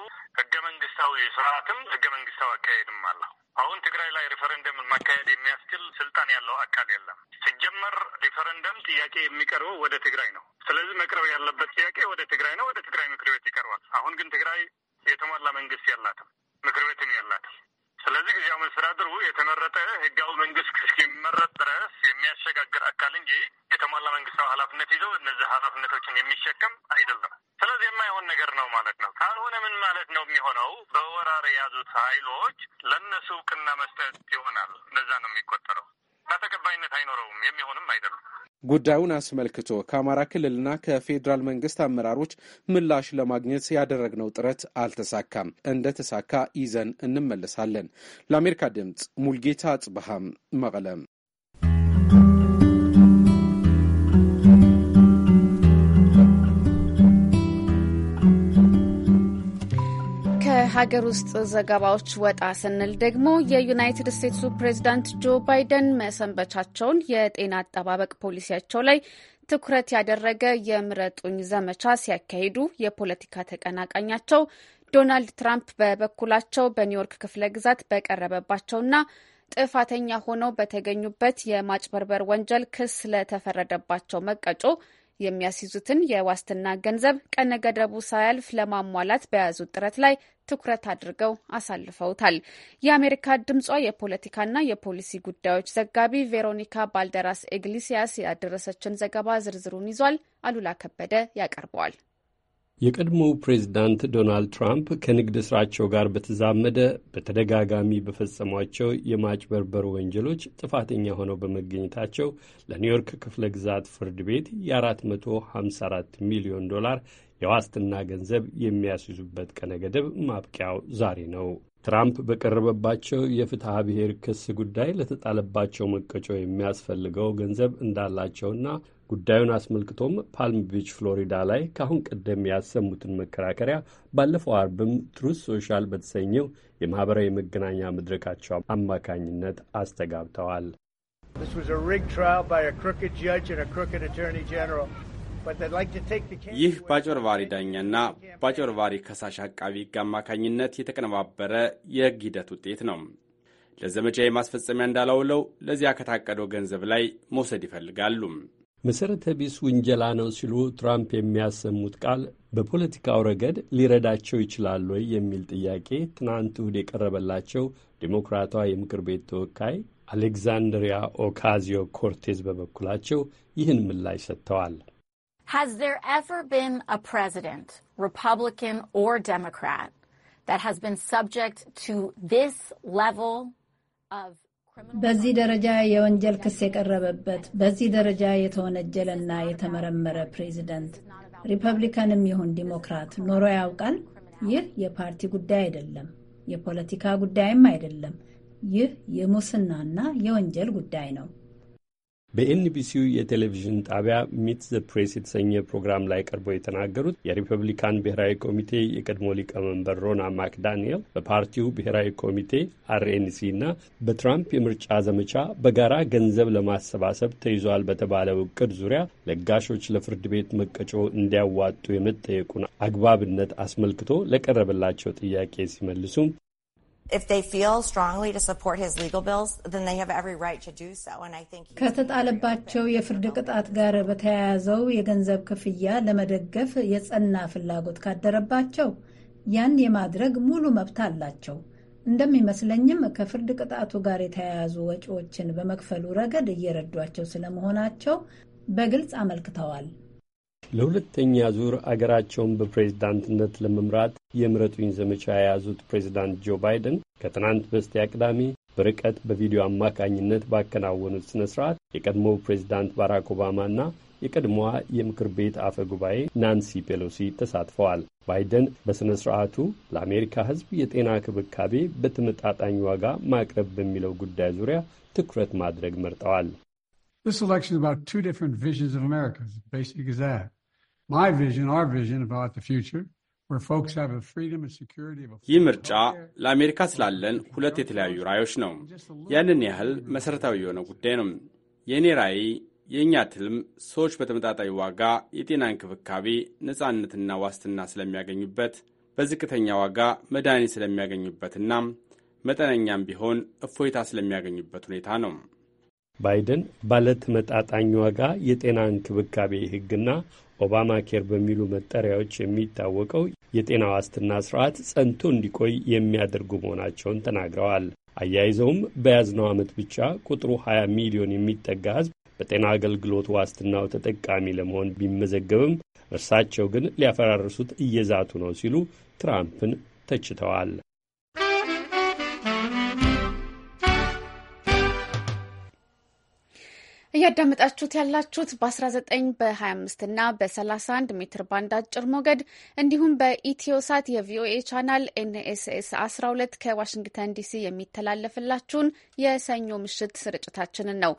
H: ህገ መንግስታዊ ስርዓትም ትግራይ ላይ ሪፈረንደም ማካሄድ
G: የሚያስችል ስልጣን ያለው አካል የለም። ሲጀመር ሪፈረንደም ጥያቄ የሚቀርበው ወደ ትግራይ ነው። ስለዚህ መቅረብ ያለበት ጥያቄ ወደ ትግራይ ነው፣ ወደ ትግራይ ምክር ቤት ይቀርባል። አሁን ግን ትግራይ የተሟላ መንግስት የላትም፣ ምክር ቤትም የላትም። ስለዚህ ጊዜያዊ መስተዳድሩ የተመረጠ ህጋዊ መንግስት እስኪመረጥ ድረስ የሚያሸጋግር አካል እንጂ የተሟላ መንግስታዊ ኃላፊነት ይዘው እነዚህ ኃላፊነቶችን የሚሸከም
H: ጉዳዩን አስመልክቶ ከአማራ ክልልና ከፌዴራል መንግስት አመራሮች ምላሽ ለማግኘት ያደረግነው ጥረት አልተሳካም። እንደተሳካ ይዘን እንመለሳለን። ለአሜሪካ ድምፅ ሙልጌታ አጽብሃም መቀለም
A: ሀገር ውስጥ ዘገባዎች ወጣ ስንል ደግሞ የዩናይትድ ስቴትሱ ፕሬዚዳንት ጆ ባይደን መሰንበቻቸውን የጤና አጠባበቅ ፖሊሲያቸው ላይ ትኩረት ያደረገ የምረጡኝ ዘመቻ ሲያካሂዱ የፖለቲካ ተቀናቃኛቸው ዶናልድ ትራምፕ በበኩላቸው በኒውዮርክ ክፍለ ግዛት በቀረበባቸውና ጥፋተኛ ሆነው በተገኙበት የማጭበርበር ወንጀል ክስ ለተፈረደባቸው መቀጮ የሚያስይዙትን የዋስትና ገንዘብ ቀነ ገደቡ ሳያልፍ ለማሟላት በያዙት ጥረት ላይ ትኩረት አድርገው አሳልፈውታል። የአሜሪካ ድምጿ የፖለቲካና የፖሊሲ ጉዳዮች ዘጋቢ ቬሮኒካ ባልደራስ ኤግሊሲያስ ያደረሰችን ዘገባ ዝርዝሩን ይዟል። አሉላ ከበደ ያቀርበዋል።
I: የቀድሞው ፕሬዚዳንት ዶናልድ ትራምፕ ከንግድ ሥራቸው ጋር በተዛመደ በተደጋጋሚ በፈጸሟቸው የማጭበርበር ወንጀሎች ጥፋተኛ ሆነው በመገኘታቸው ለኒውዮርክ ክፍለ ግዛት ፍርድ ቤት የ454 ሚሊዮን ዶላር የዋስትና ገንዘብ የሚያስይዙበት ቀነ ገደብ ማብቂያው ዛሬ ነው። ትራምፕ በቀረበባቸው የፍትሐ ብሔር ክስ ጉዳይ ለተጣለባቸው መቀጮ የሚያስፈልገው ገንዘብ እንዳላቸውና ጉዳዩን አስመልክቶም ፓልም ቢች ፍሎሪዳ ላይ ከአሁን ቀደም ያሰሙትን መከራከሪያ ባለፈው አርብም ትሩስ ሶሻል በተሰኘው የማኅበራዊ መገናኛ መድረካቸው አማካኝነት አስተጋብተዋል።
J: ይህ
K: በአጭበርባሪ ዳኛና በአጭበርባሪ ከሳሽ አቃቢ ሕግ አማካኝነት የተቀነባበረ የሕግ ሂደት ውጤት ነው። ለዘመቻ የማስፈጸሚያ እንዳላውለው ለዚያ ከታቀደው ገንዘብ ላይ መውሰድ ይፈልጋሉ።
I: መሠረተ ቢስ ውንጀላ ነው ሲሉ ትራምፕ የሚያሰሙት ቃል በፖለቲካው ረገድ ሊረዳቸው ይችላል ወይ የሚል ጥያቄ ትናንት እሁድ የቀረበላቸው ዴሞክራቷ የምክር ቤት ተወካይ አሌግዛንድሪያ ኦካዚዮ ኮርቴዝ በበኩላቸው ይህን ምላሽ ሰጥተዋል።
B: Has there ever been a president, Republican or Democrat, that has been subject to this level of
A: በዚህ ደረጃ የወንጀል ክስ የቀረበበት በዚህ ደረጃ የተወነጀለና የተመረመረ ፕሬዚደንት ሪፐብሊካንም ይሁን ዲሞክራት ኖሮ ያውቃል? ይህ የፓርቲ ጉዳይ አይደለም፣ የፖለቲካ ጉዳይም አይደለም። ይህ የሙስናና የወንጀል ጉዳይ ነው።
I: በኤንቢሲው የቴሌቪዥን ጣቢያ ሚት ዘ ፕሬስ የተሰኘ ፕሮግራም ላይ ቀርበው የተናገሩት የሪፐብሊካን ብሔራዊ ኮሚቴ የቀድሞ ሊቀመንበር ሮና ማክዳንኤል በፓርቲው ብሔራዊ ኮሚቴ አርኤንሲ እና በትራምፕ የምርጫ ዘመቻ በጋራ ገንዘብ ለማሰባሰብ ተይዟል በተባለው እቅድ ዙሪያ ለጋሾች ለፍርድ ቤት መቀጮ እንዲያዋጡ የመጠየቁን አግባብነት አስመልክቶ ለቀረበላቸው ጥያቄ ሲመልሱም
A: ከተጣለባቸው የፍርድ ቅጣት ጋር በተያያዘው የገንዘብ ክፍያ ለመደገፍ የጸና ፍላጎት ካደረባቸው ያን የማድረግ ሙሉ መብት አላቸው። እንደሚመስለኝም ከፍርድ ቅጣቱ ጋር የተያያዙ ወጪዎችን በመክፈሉ ረገድ እየረዷቸው ስለመሆናቸው በግልጽ አመልክተዋል።
I: ለሁለተኛ ዙር አገራቸውን በፕሬዝዳንትነት ለመምራት የምረጡኝ ዘመቻ የያዙት ፕሬዝዳንት ጆ ባይደን ከትናንት በስቲያ ቅዳሜ በርቀት በቪዲዮ አማካኝነት ባከናወኑት ስነ ስርዓት የቀድሞው ፕሬዝዳንት ባራክ ኦባማና የቀድሞዋ የምክር ቤት አፈ ጉባኤ ናንሲ ፔሎሲ ተሳትፈዋል። ባይደን በሥነ ሥርዓቱ ለአሜሪካ ሕዝብ የጤና ክብካቤ በተመጣጣኝ ዋጋ ማቅረብ በሚለው ጉዳይ ዙሪያ ትኩረት ማድረግ መርጠዋል።
A: This election is about two different visions of America. It's that. ይህ
K: ምርጫ ለአሜሪካ ስላለን ሁለት የተለያዩ ራዕዮች ነው። ያንን ያህል መሠረታዊ የሆነ ጉዳይ ነው። የእኔ ራዕይ የእኛ ትልም ሰዎች በተመጣጣኝ ዋጋ የጤና እንክብካቤ ነፃነትና ዋስትና ስለሚያገኙበት በዝቅተኛ ዋጋ መድኃኒት ስለሚያገኙበትና መጠነኛም ቢሆን እፎይታ ስለሚያገኙበት ሁኔታ ነው።
I: ባይደን ባለተመጣጣኝ ዋጋ የጤና እንክብካቤ ሕግና ኦባማ ኬር በሚሉ መጠሪያዎች የሚታወቀው የጤና ዋስትና ስርዓት ጸንቶ እንዲቆይ የሚያደርጉ መሆናቸውን ተናግረዋል። አያይዘውም በያዝነው ዓመት ብቻ ቁጥሩ 20 ሚሊዮን የሚጠጋ ሕዝብ በጤና አገልግሎት ዋስትናው ተጠቃሚ ለመሆን ቢመዘገብም እርሳቸው ግን ሊያፈራርሱት እየዛቱ ነው ሲሉ ትራምፕን ተችተዋል።
A: እያዳመጣችሁት ያላችሁት በ19 በ25 እና በ31 ሜትር ባንድ አጭር ሞገድ እንዲሁም በኢትዮሳት የቪኦኤ ቻናል ኤንኤስኤስ 12 ከዋሽንግተን ዲሲ የሚተላለፍላችሁን የሰኞ ምሽት ስርጭታችንን ነው።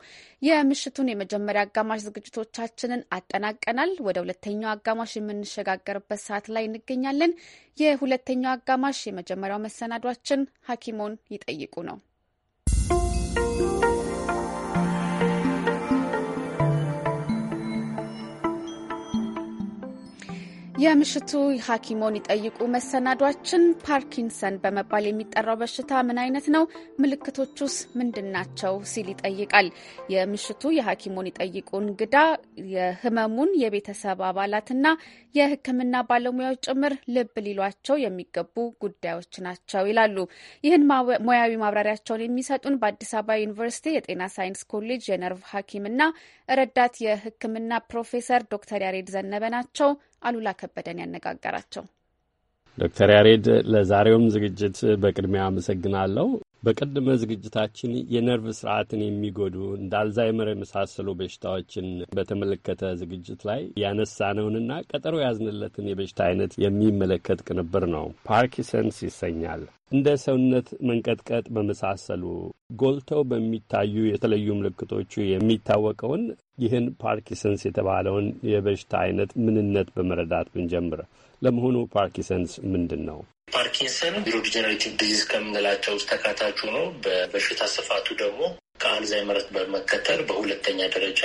A: የምሽቱን የመጀመሪያ አጋማሽ ዝግጅቶቻችንን አጠናቀናል። ወደ ሁለተኛው አጋማሽ የምንሸጋገርበት ሰዓት ላይ እንገኛለን። የሁለተኛው አጋማሽ የመጀመሪያው መሰናዷችን ሐኪሞን ይጠይቁ ነው። የምሽቱ ሐኪሞን ይጠይቁ መሰናዷችን ፓርኪንሰን በመባል የሚጠራው በሽታ ምን አይነት ነው? ምልክቶቹስ ምንድን ናቸው? ሲል ይጠይቃል። የምሽቱ የሐኪሞን ይጠይቁ እንግዳ የህመሙን የቤተሰብ አባላትና የሕክምና ባለሙያዎች ጭምር ልብ ሊሏቸው የሚገቡ ጉዳዮች ናቸው ይላሉ። ይህን ሙያዊ ማብራሪያቸውን የሚሰጡን በአዲስ አበባ ዩኒቨርሲቲ የጤና ሳይንስ ኮሌጅ የነርቭ ሐኪምና ረዳት የሕክምና ፕሮፌሰር ዶክተር ያሬድ ዘነበ ናቸው። አሉላ ከበደን ያነጋገራቸው።
I: ዶክተር ያሬድ ለዛሬውም ዝግጅት በቅድሚያ አመሰግናለሁ። በቅድመ ዝግጅታችን የነርቭ ስርዓትን የሚጎዱ እንደ አልዛይመር የመሳሰሉ በሽታዎችን በተመለከተ ዝግጅት ላይ ያነሳነውንና ቀጠሮ ያዝንለትን የበሽታ አይነት የሚመለከት ቅንብር ነው። ፓርኪሰንስ ይሰኛል። እንደ ሰውነት መንቀጥቀጥ በመሳሰሉ ጎልተው በሚታዩ የተለዩ ምልክቶቹ የሚታወቀውን ይህን ፓርኪሰንስ የተባለውን የበሽታ አይነት ምንነት በመረዳት ብንጀምር፣ ለመሆኑ ፓርኪሰንስ ምንድን ነው?
D: ፓርኪንሰን ኒውሮዲጀነሬቲቭ ዲዚዝ ከምንላቸው ውስጥ ተካታች ሆኖ በበሽታ ስፋቱ ደግሞ ከአልዛይመር በመከተል በሁለተኛ ደረጃ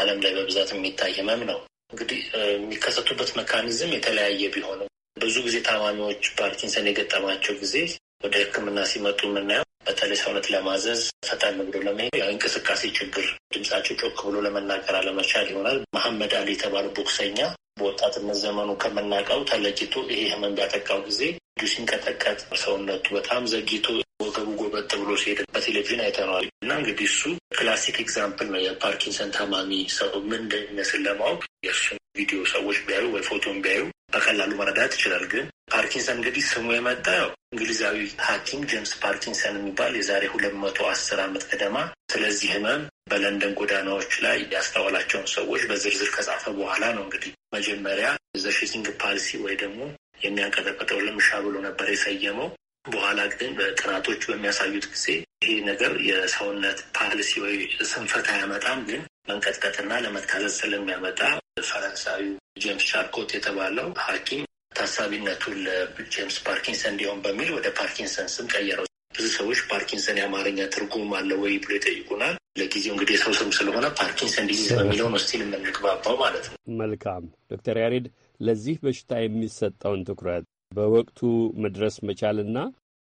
D: ዓለም ላይ በብዛት የሚታይ ህመም ነው። እንግዲህ የሚከሰቱበት መካኒዝም የተለያየ ቢሆንም ብዙ ጊዜ ታማሚዎች ፓርኪንሰን የገጠማቸው ጊዜ ወደ ሕክምና ሲመጡ የምናየው በተለይ ሰውነት ለማዘዝ ፈጠን ብሎ ለመሄድ እንቅስቃሴ ችግር፣ ድምጻቸው ጮክ ብሎ ለመናገር አለመቻል ይሆናል። መሐመድ አሊ የተባሉ ቦክሰኛ በወጣትነት ዘመኑ ከምናውቀው ተለይቶ ይሄ ህመም ቢያጠቃው ጊዜ እጁ ሲንቀጠቀጥ ሰውነቱ በጣም ዘግይቶ ወገቡ ጎበጥ ብሎ ሲሄድ በቴሌቪዥን አይተነዋል። እና እንግዲህ እሱ ክላሲክ ኤግዛምፕል ነው የፓርኪንሰን ታማሚ ሰው ምን እንደሚመስል ለማወቅ የእሱን ቪዲዮ ሰዎች ቢያዩ ወይ ፎቶን ቢያዩ በቀላሉ መረዳት ይችላል። ግን ፓርኪንሰን እንግዲህ ስሙ የመጣው እንግሊዛዊ ሐኪም ጄምስ ፓርኪንሰን የሚባል የዛሬ ሁለት መቶ አስር ዓመት ቀደማ ስለዚህ ህመም በለንደን ጎዳናዎች ላይ ያስተዋላቸውን ሰዎች በዝርዝር ከጻፈ በኋላ ነው እንግዲህ መጀመሪያ ዘ ሺቲንግ ፓልሲ ወይ ደግሞ የሚያንቀጠቀጠው ልምሻ ብሎ ነበር የሰየመው። በኋላ ግን ጥናቶች በሚያሳዩት ጊዜ ይሄ ነገር የሰውነት ፓልሲ ወይ ስንፈት አያመጣም፣ ግን መንቀጥቀጥና ለመታዘዝ ስለሚያመጣ ፈረንሳዊ ጄምስ ቻርኮት የተባለው ሐኪም ታሳቢነቱን ለጄምስ ፓርኪንሰን እንዲሆን በሚል ወደ ፓርኪንሰን ስም ቀየረው። ብዙ ሰዎች ፓርኪንሰን የአማርኛ ትርጉም አለ ወይ ብሎ ይጠይቁናል። ለጊዜው እንግዲህ የሰው ስም ስለሆነ ፓርኪንሰን ዲዚዝ በሚለውን ስቲል የምንግባባው ማለት
I: ነው። መልካም ዶክተር ያሬድ ለዚህ በሽታ የሚሰጠውን ትኩረት በወቅቱ መድረስ መቻልና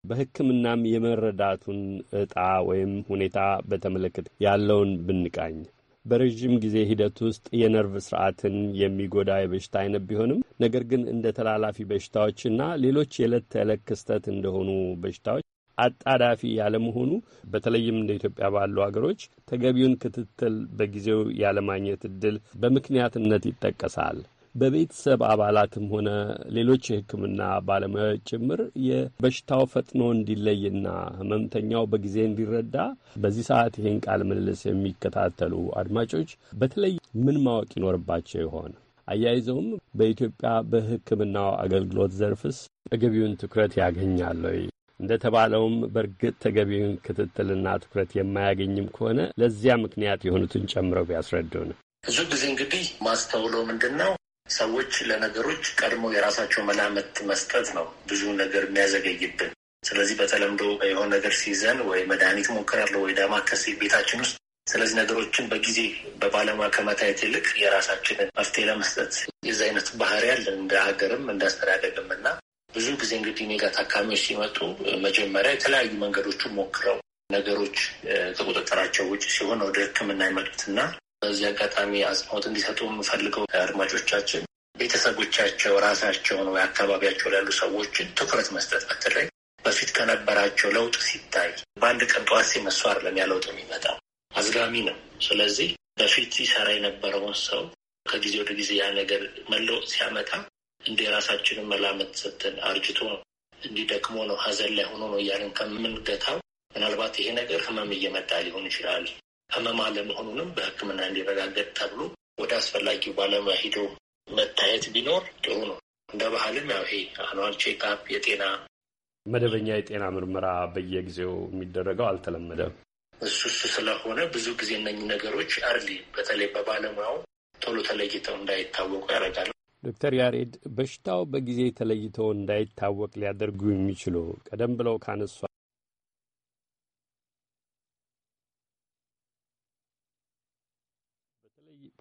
I: በሕክምናም የመረዳቱን ዕጣ ወይም ሁኔታ በተመለከተ ያለውን ብንቃኝ በረዥም ጊዜ ሂደት ውስጥ የነርቭ ስርዓትን የሚጎዳ የበሽታ አይነት ቢሆንም ነገር ግን እንደ ተላላፊ በሽታዎችና ሌሎች የዕለት ተዕለት ክስተት እንደሆኑ በሽታዎች አጣዳፊ ያለመሆኑ በተለይም እንደ ኢትዮጵያ ባሉ ሀገሮች ተገቢውን ክትትል በጊዜው ያለማግኘት እድል በምክንያትነት ይጠቀሳል። በቤተሰብ አባላትም ሆነ ሌሎች የሕክምና ባለሙያዎች ጭምር የበሽታው ፈጥኖ እንዲለይና ህመምተኛው በጊዜ እንዲረዳ በዚህ ሰዓት ይህን ቃል ምልልስ የሚከታተሉ አድማጮች በተለይ ምን ማወቅ ይኖርባቸው ይሆን? አያይዘውም በኢትዮጵያ በሕክምናው አገልግሎት ዘርፍስ ተገቢውን ትኩረት ያገኛለይ? እንደ እንደተባለውም በእርግጥ ተገቢውን ክትትልና ትኩረት የማያገኝም ከሆነ ለዚያ ምክንያት የሆኑትን ጨምረው ቢያስረዱን።
D: ብዙ ጊዜ እንግዲህ ማስተውሎ ምንድን ነው ሰዎች ለነገሮች ቀድሞ የራሳቸው መላመት መስጠት ነው ብዙ ነገር የሚያዘገይብን። ስለዚህ በተለምዶ የሆነ ነገር ሲይዘን ወይ መድኃኒት ሞክራለሁ ወይ ዳማከሴ ቤታችን ውስጥ ስለዚህ ነገሮችን በጊዜ በባለሙያ ከመታየት ይልቅ የራሳችንን መፍትሄ ለመስጠት የዚ አይነት ባህሪ ያለን እንደ ሀገርም እንደ አስተዳደግም እና ብዙ ጊዜ እንግዲህ እኔ ጋር ታካሚዎች ሲመጡ መጀመሪያ የተለያዩ መንገዶቹ ሞክረው ነገሮች ከቁጥጥራቸው ውጭ ሲሆን ወደ ሕክምና ይመጡትና በዚህ አጋጣሚ አጽንኦት እንዲሰጡ የምፈልገው አድማጮቻችን ቤተሰቦቻቸው ራሳቸውን ወይ አካባቢያቸው ላሉ ሰዎች ትኩረት መስጠት በተለይ በፊት ከነበራቸው ለውጥ ሲታይ በአንድ ቀን ጠዋት ሲነሱ አይደለም ያ ለውጥ የሚመጣው አዝጋሚ ነው። ስለዚህ በፊት ሲሰራ የነበረውን ሰው ከጊዜ ወደ ጊዜ ያ ነገር መለወጥ ሲያመጣ እንደ የራሳችንን መላመት ሰጥተን አርጅቶ ነው እንዲደክሞ ነው ሀዘን ላይ ሆኖ ነው እያለን ከምንገታው ምናልባት ይሄ ነገር ህመም እየመጣ ሊሆን ይችላል ህመም አለመሆኑንም በህክምና እንዲረጋገጥ ተብሎ ወደ አስፈላጊው ባለሙያ ሂዶ
I: መታየት ቢኖር ጥሩ ነው። እንደ ባህልም ያው ይሄ አኗል የጤና መደበኛ የጤና ምርመራ በየጊዜው የሚደረገው አልተለመደም።
D: እሱ እሱ ስለሆነ ብዙ ጊዜ እነኚህ ነገሮች አርሊ በተለይ በባለሙያው ቶሎ ተለይተው እንዳይታወቁ ያደርጋል።
I: ዶክተር ያሬድ በሽታው በጊዜ ተለይተው እንዳይታወቅ ሊያደርጉ የሚችሉ ቀደም ብለው ካነሷ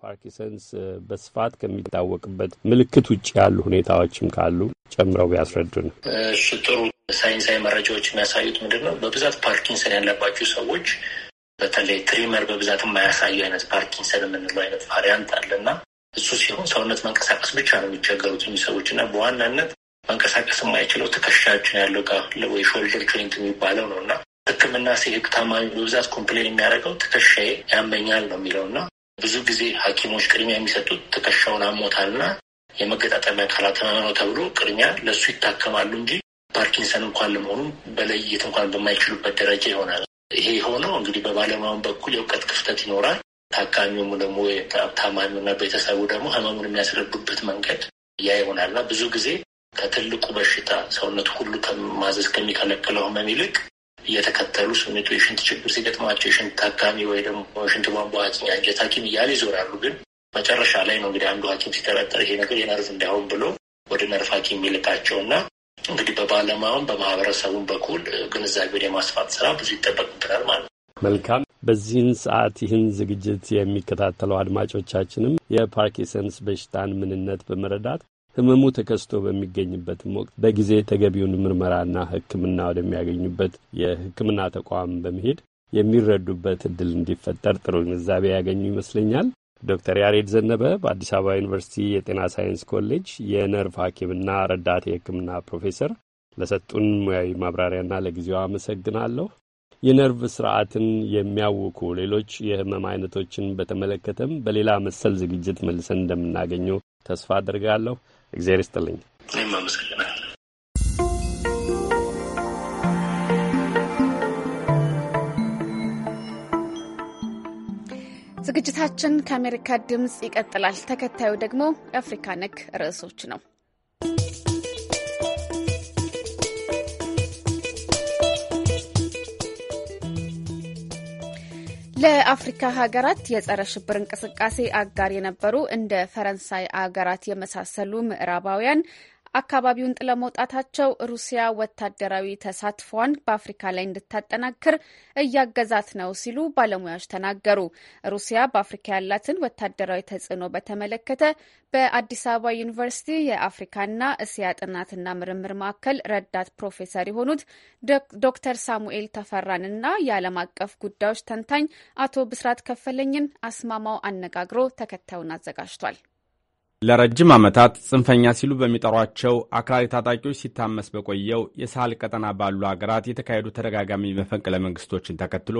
I: ፓርኪንሰንስ በስፋት ከሚታወቅበት ምልክት ውጭ ያሉ ሁኔታዎችም ካሉ ጨምረው ቢያስረዱን።
D: እሺ፣ ጥሩ ሳይንሳዊ መረጃዎች የሚያሳዩት ምንድን ነው? በብዛት ፓርኪንሰን ያለባቸው ሰዎች በተለይ ትሪመር በብዛት የማያሳዩ አይነት ፓርኪንሰን የምንለው አይነት ቫሪያንት አለና እሱ ሲሆን ሰውነት መንቀሳቀስ ብቻ ነው የሚቸገሩት እኚህ ሰዎች እና በዋናነት መንቀሳቀስ የማይችለው ትከሻችን ያለው ጋር ወይ ሾልደር ጆይንት የሚባለው ነው እና ሕክምና ሲሄድ ታማሚ በብዛት ኮምፕሌን የሚያደርገው ትከሻዬ ያመኛል ነው የሚለው እና ብዙ ጊዜ ሐኪሞች ቅድሚያ የሚሰጡት ትከሻውን አሞታልና የመገጣጠሚያ አካላት ነው ተብሎ ቅድሚያ ለእሱ ይታከማሉ እንጂ ፓርኪንሰን እንኳን ለመሆኑ በለይት እንኳን በማይችሉበት ደረጃ ይሆናል። ይሄ የሆነው እንግዲህ በባለሙያውን በኩል የእውቀት ክፍተት ይኖራል። ታካሚውም ደግሞ ታማሚውና ቤተሰቡ ደግሞ ህመሙን የሚያስረዱበት መንገድ ያ ይሆናልና ብዙ ጊዜ ከትልቁ በሽታ ሰውነት ሁሉ ከማዘዝ ከሚከለክለው ህመም ይልቅ እየተከተሉ ስሜቱ የሽንት ችግር ሲገጥማቸው የሽንት ታካሚ ወይ ደግሞ የሽንት ቧንቧ አጥኚ፣ አንጀት ሐኪም እያሉ ይዞራሉ። ግን መጨረሻ ላይ ነው እንግዲህ አንዱ ሐኪም ሲጠረጠር ይሄ ነገር የነርቭ እንዳይሆን ብሎ ወደ ነርፍ ሐኪም የሚልካቸው እና እንግዲህ በባለሙያውም
I: በማህበረሰቡም በኩል ግንዛቤ የማስፋት ስራ ብዙ ይጠበቅብናል ማለት ነው። መልካም። በዚህን ሰዓት ይህን ዝግጅት የሚከታተሉ አድማጮቻችንም የፓርኪንሰንስ በሽታን ምንነት በመረዳት ህመሙ ተከስቶ በሚገኝበትም ወቅት በጊዜ ተገቢውን ምርመራና ሕክምና ወደሚያገኙበት የሕክምና ተቋም በመሄድ የሚረዱበት እድል እንዲፈጠር ጥሩ ግንዛቤ ያገኙ ይመስለኛል። ዶክተር ያሬድ ዘነበ በአዲስ አበባ ዩኒቨርሲቲ የጤና ሳይንስ ኮሌጅ የነርቭ ሐኪምና ረዳት የሕክምና ፕሮፌሰር ለሰጡን ሙያዊ ማብራሪያና ለጊዜው አመሰግናለሁ። የነርቭ ስርዓትን የሚያውኩ ሌሎች የህመም አይነቶችን በተመለከተም በሌላ መሰል ዝግጅት መልሰን እንደምናገኘው ተስፋ አድርጋለሁ። እግዚአብሔር ይስጥልኝ።
A: ዝግጅታችን ከአሜሪካ ድምፅ ይቀጥላል። ተከታዩ ደግሞ የአፍሪካ ነክ ርዕሶች ነው። ለአፍሪካ ሀገራት የጸረ ሽብር እንቅስቃሴ አጋር የነበሩ እንደ ፈረንሳይ ሀገራት የመሳሰሉ ምዕራባውያን አካባቢውን ጥለመውጣታቸው ሩሲያ ወታደራዊ ተሳትፏን በአፍሪካ ላይ እንድታጠናክር እያገዛት ነው ሲሉ ባለሙያዎች ተናገሩ። ሩሲያ በአፍሪካ ያላትን ወታደራዊ ተጽዕኖ በተመለከተ በአዲስ አበባ ዩኒቨርሲቲ የአፍሪካና እስያ ጥናትና ምርምር ማዕከል ረዳት ፕሮፌሰር የሆኑት ዶክተር ሳሙኤል ተፈራንና የዓለም አቀፍ ጉዳዮች ተንታኝ አቶ ብስራት ከፈለኝን አስማማው አነጋግሮ ተከታዩን አዘጋጅቷል።
K: ለረጅም ዓመታት ጽንፈኛ ሲሉ በሚጠሯቸው አክራሪ ታጣቂዎች ሲታመስ በቆየው የሳህል ቀጠና ባሉ አገራት የተካሄዱ ተደጋጋሚ መፈንቅለ መንግስቶችን ተከትሎ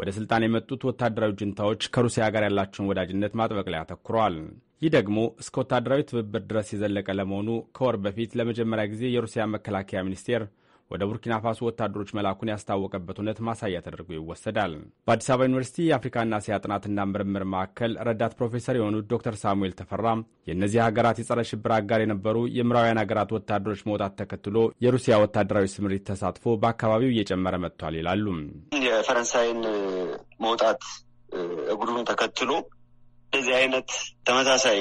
K: ወደ ሥልጣን የመጡት ወታደራዊ ጅንታዎች ከሩሲያ ጋር ያላቸውን ወዳጅነት ማጥበቅ ላይ አተኩረዋል። ይህ ደግሞ እስከ ወታደራዊ ትብብር ድረስ የዘለቀ ለመሆኑ ከወር በፊት ለመጀመሪያ ጊዜ የሩሲያ መከላከያ ሚኒስቴር ወደ ቡርኪና ፋሶ ወታደሮች መላኩን ያስታወቀበት እውነት ማሳያ ተደርጎ ይወሰዳል። በአዲስ አበባ ዩኒቨርሲቲ የአፍሪካና እስያ ጥናትና ምርምር ማዕከል ረዳት ፕሮፌሰር የሆኑት ዶክተር ሳሙኤል ተፈራ የእነዚህ ሀገራት የጸረ ሽብር አጋር የነበሩ የምዕራባውያን ሀገራት ወታደሮች መውጣት ተከትሎ የሩሲያ ወታደራዊ ስምሪት ተሳትፎ በአካባቢው እየጨመረ መጥቷል ይላሉ።
J: የፈረንሳይን መውጣት እግሩን ተከትሎ እንደዚህ አይነት ተመሳሳይ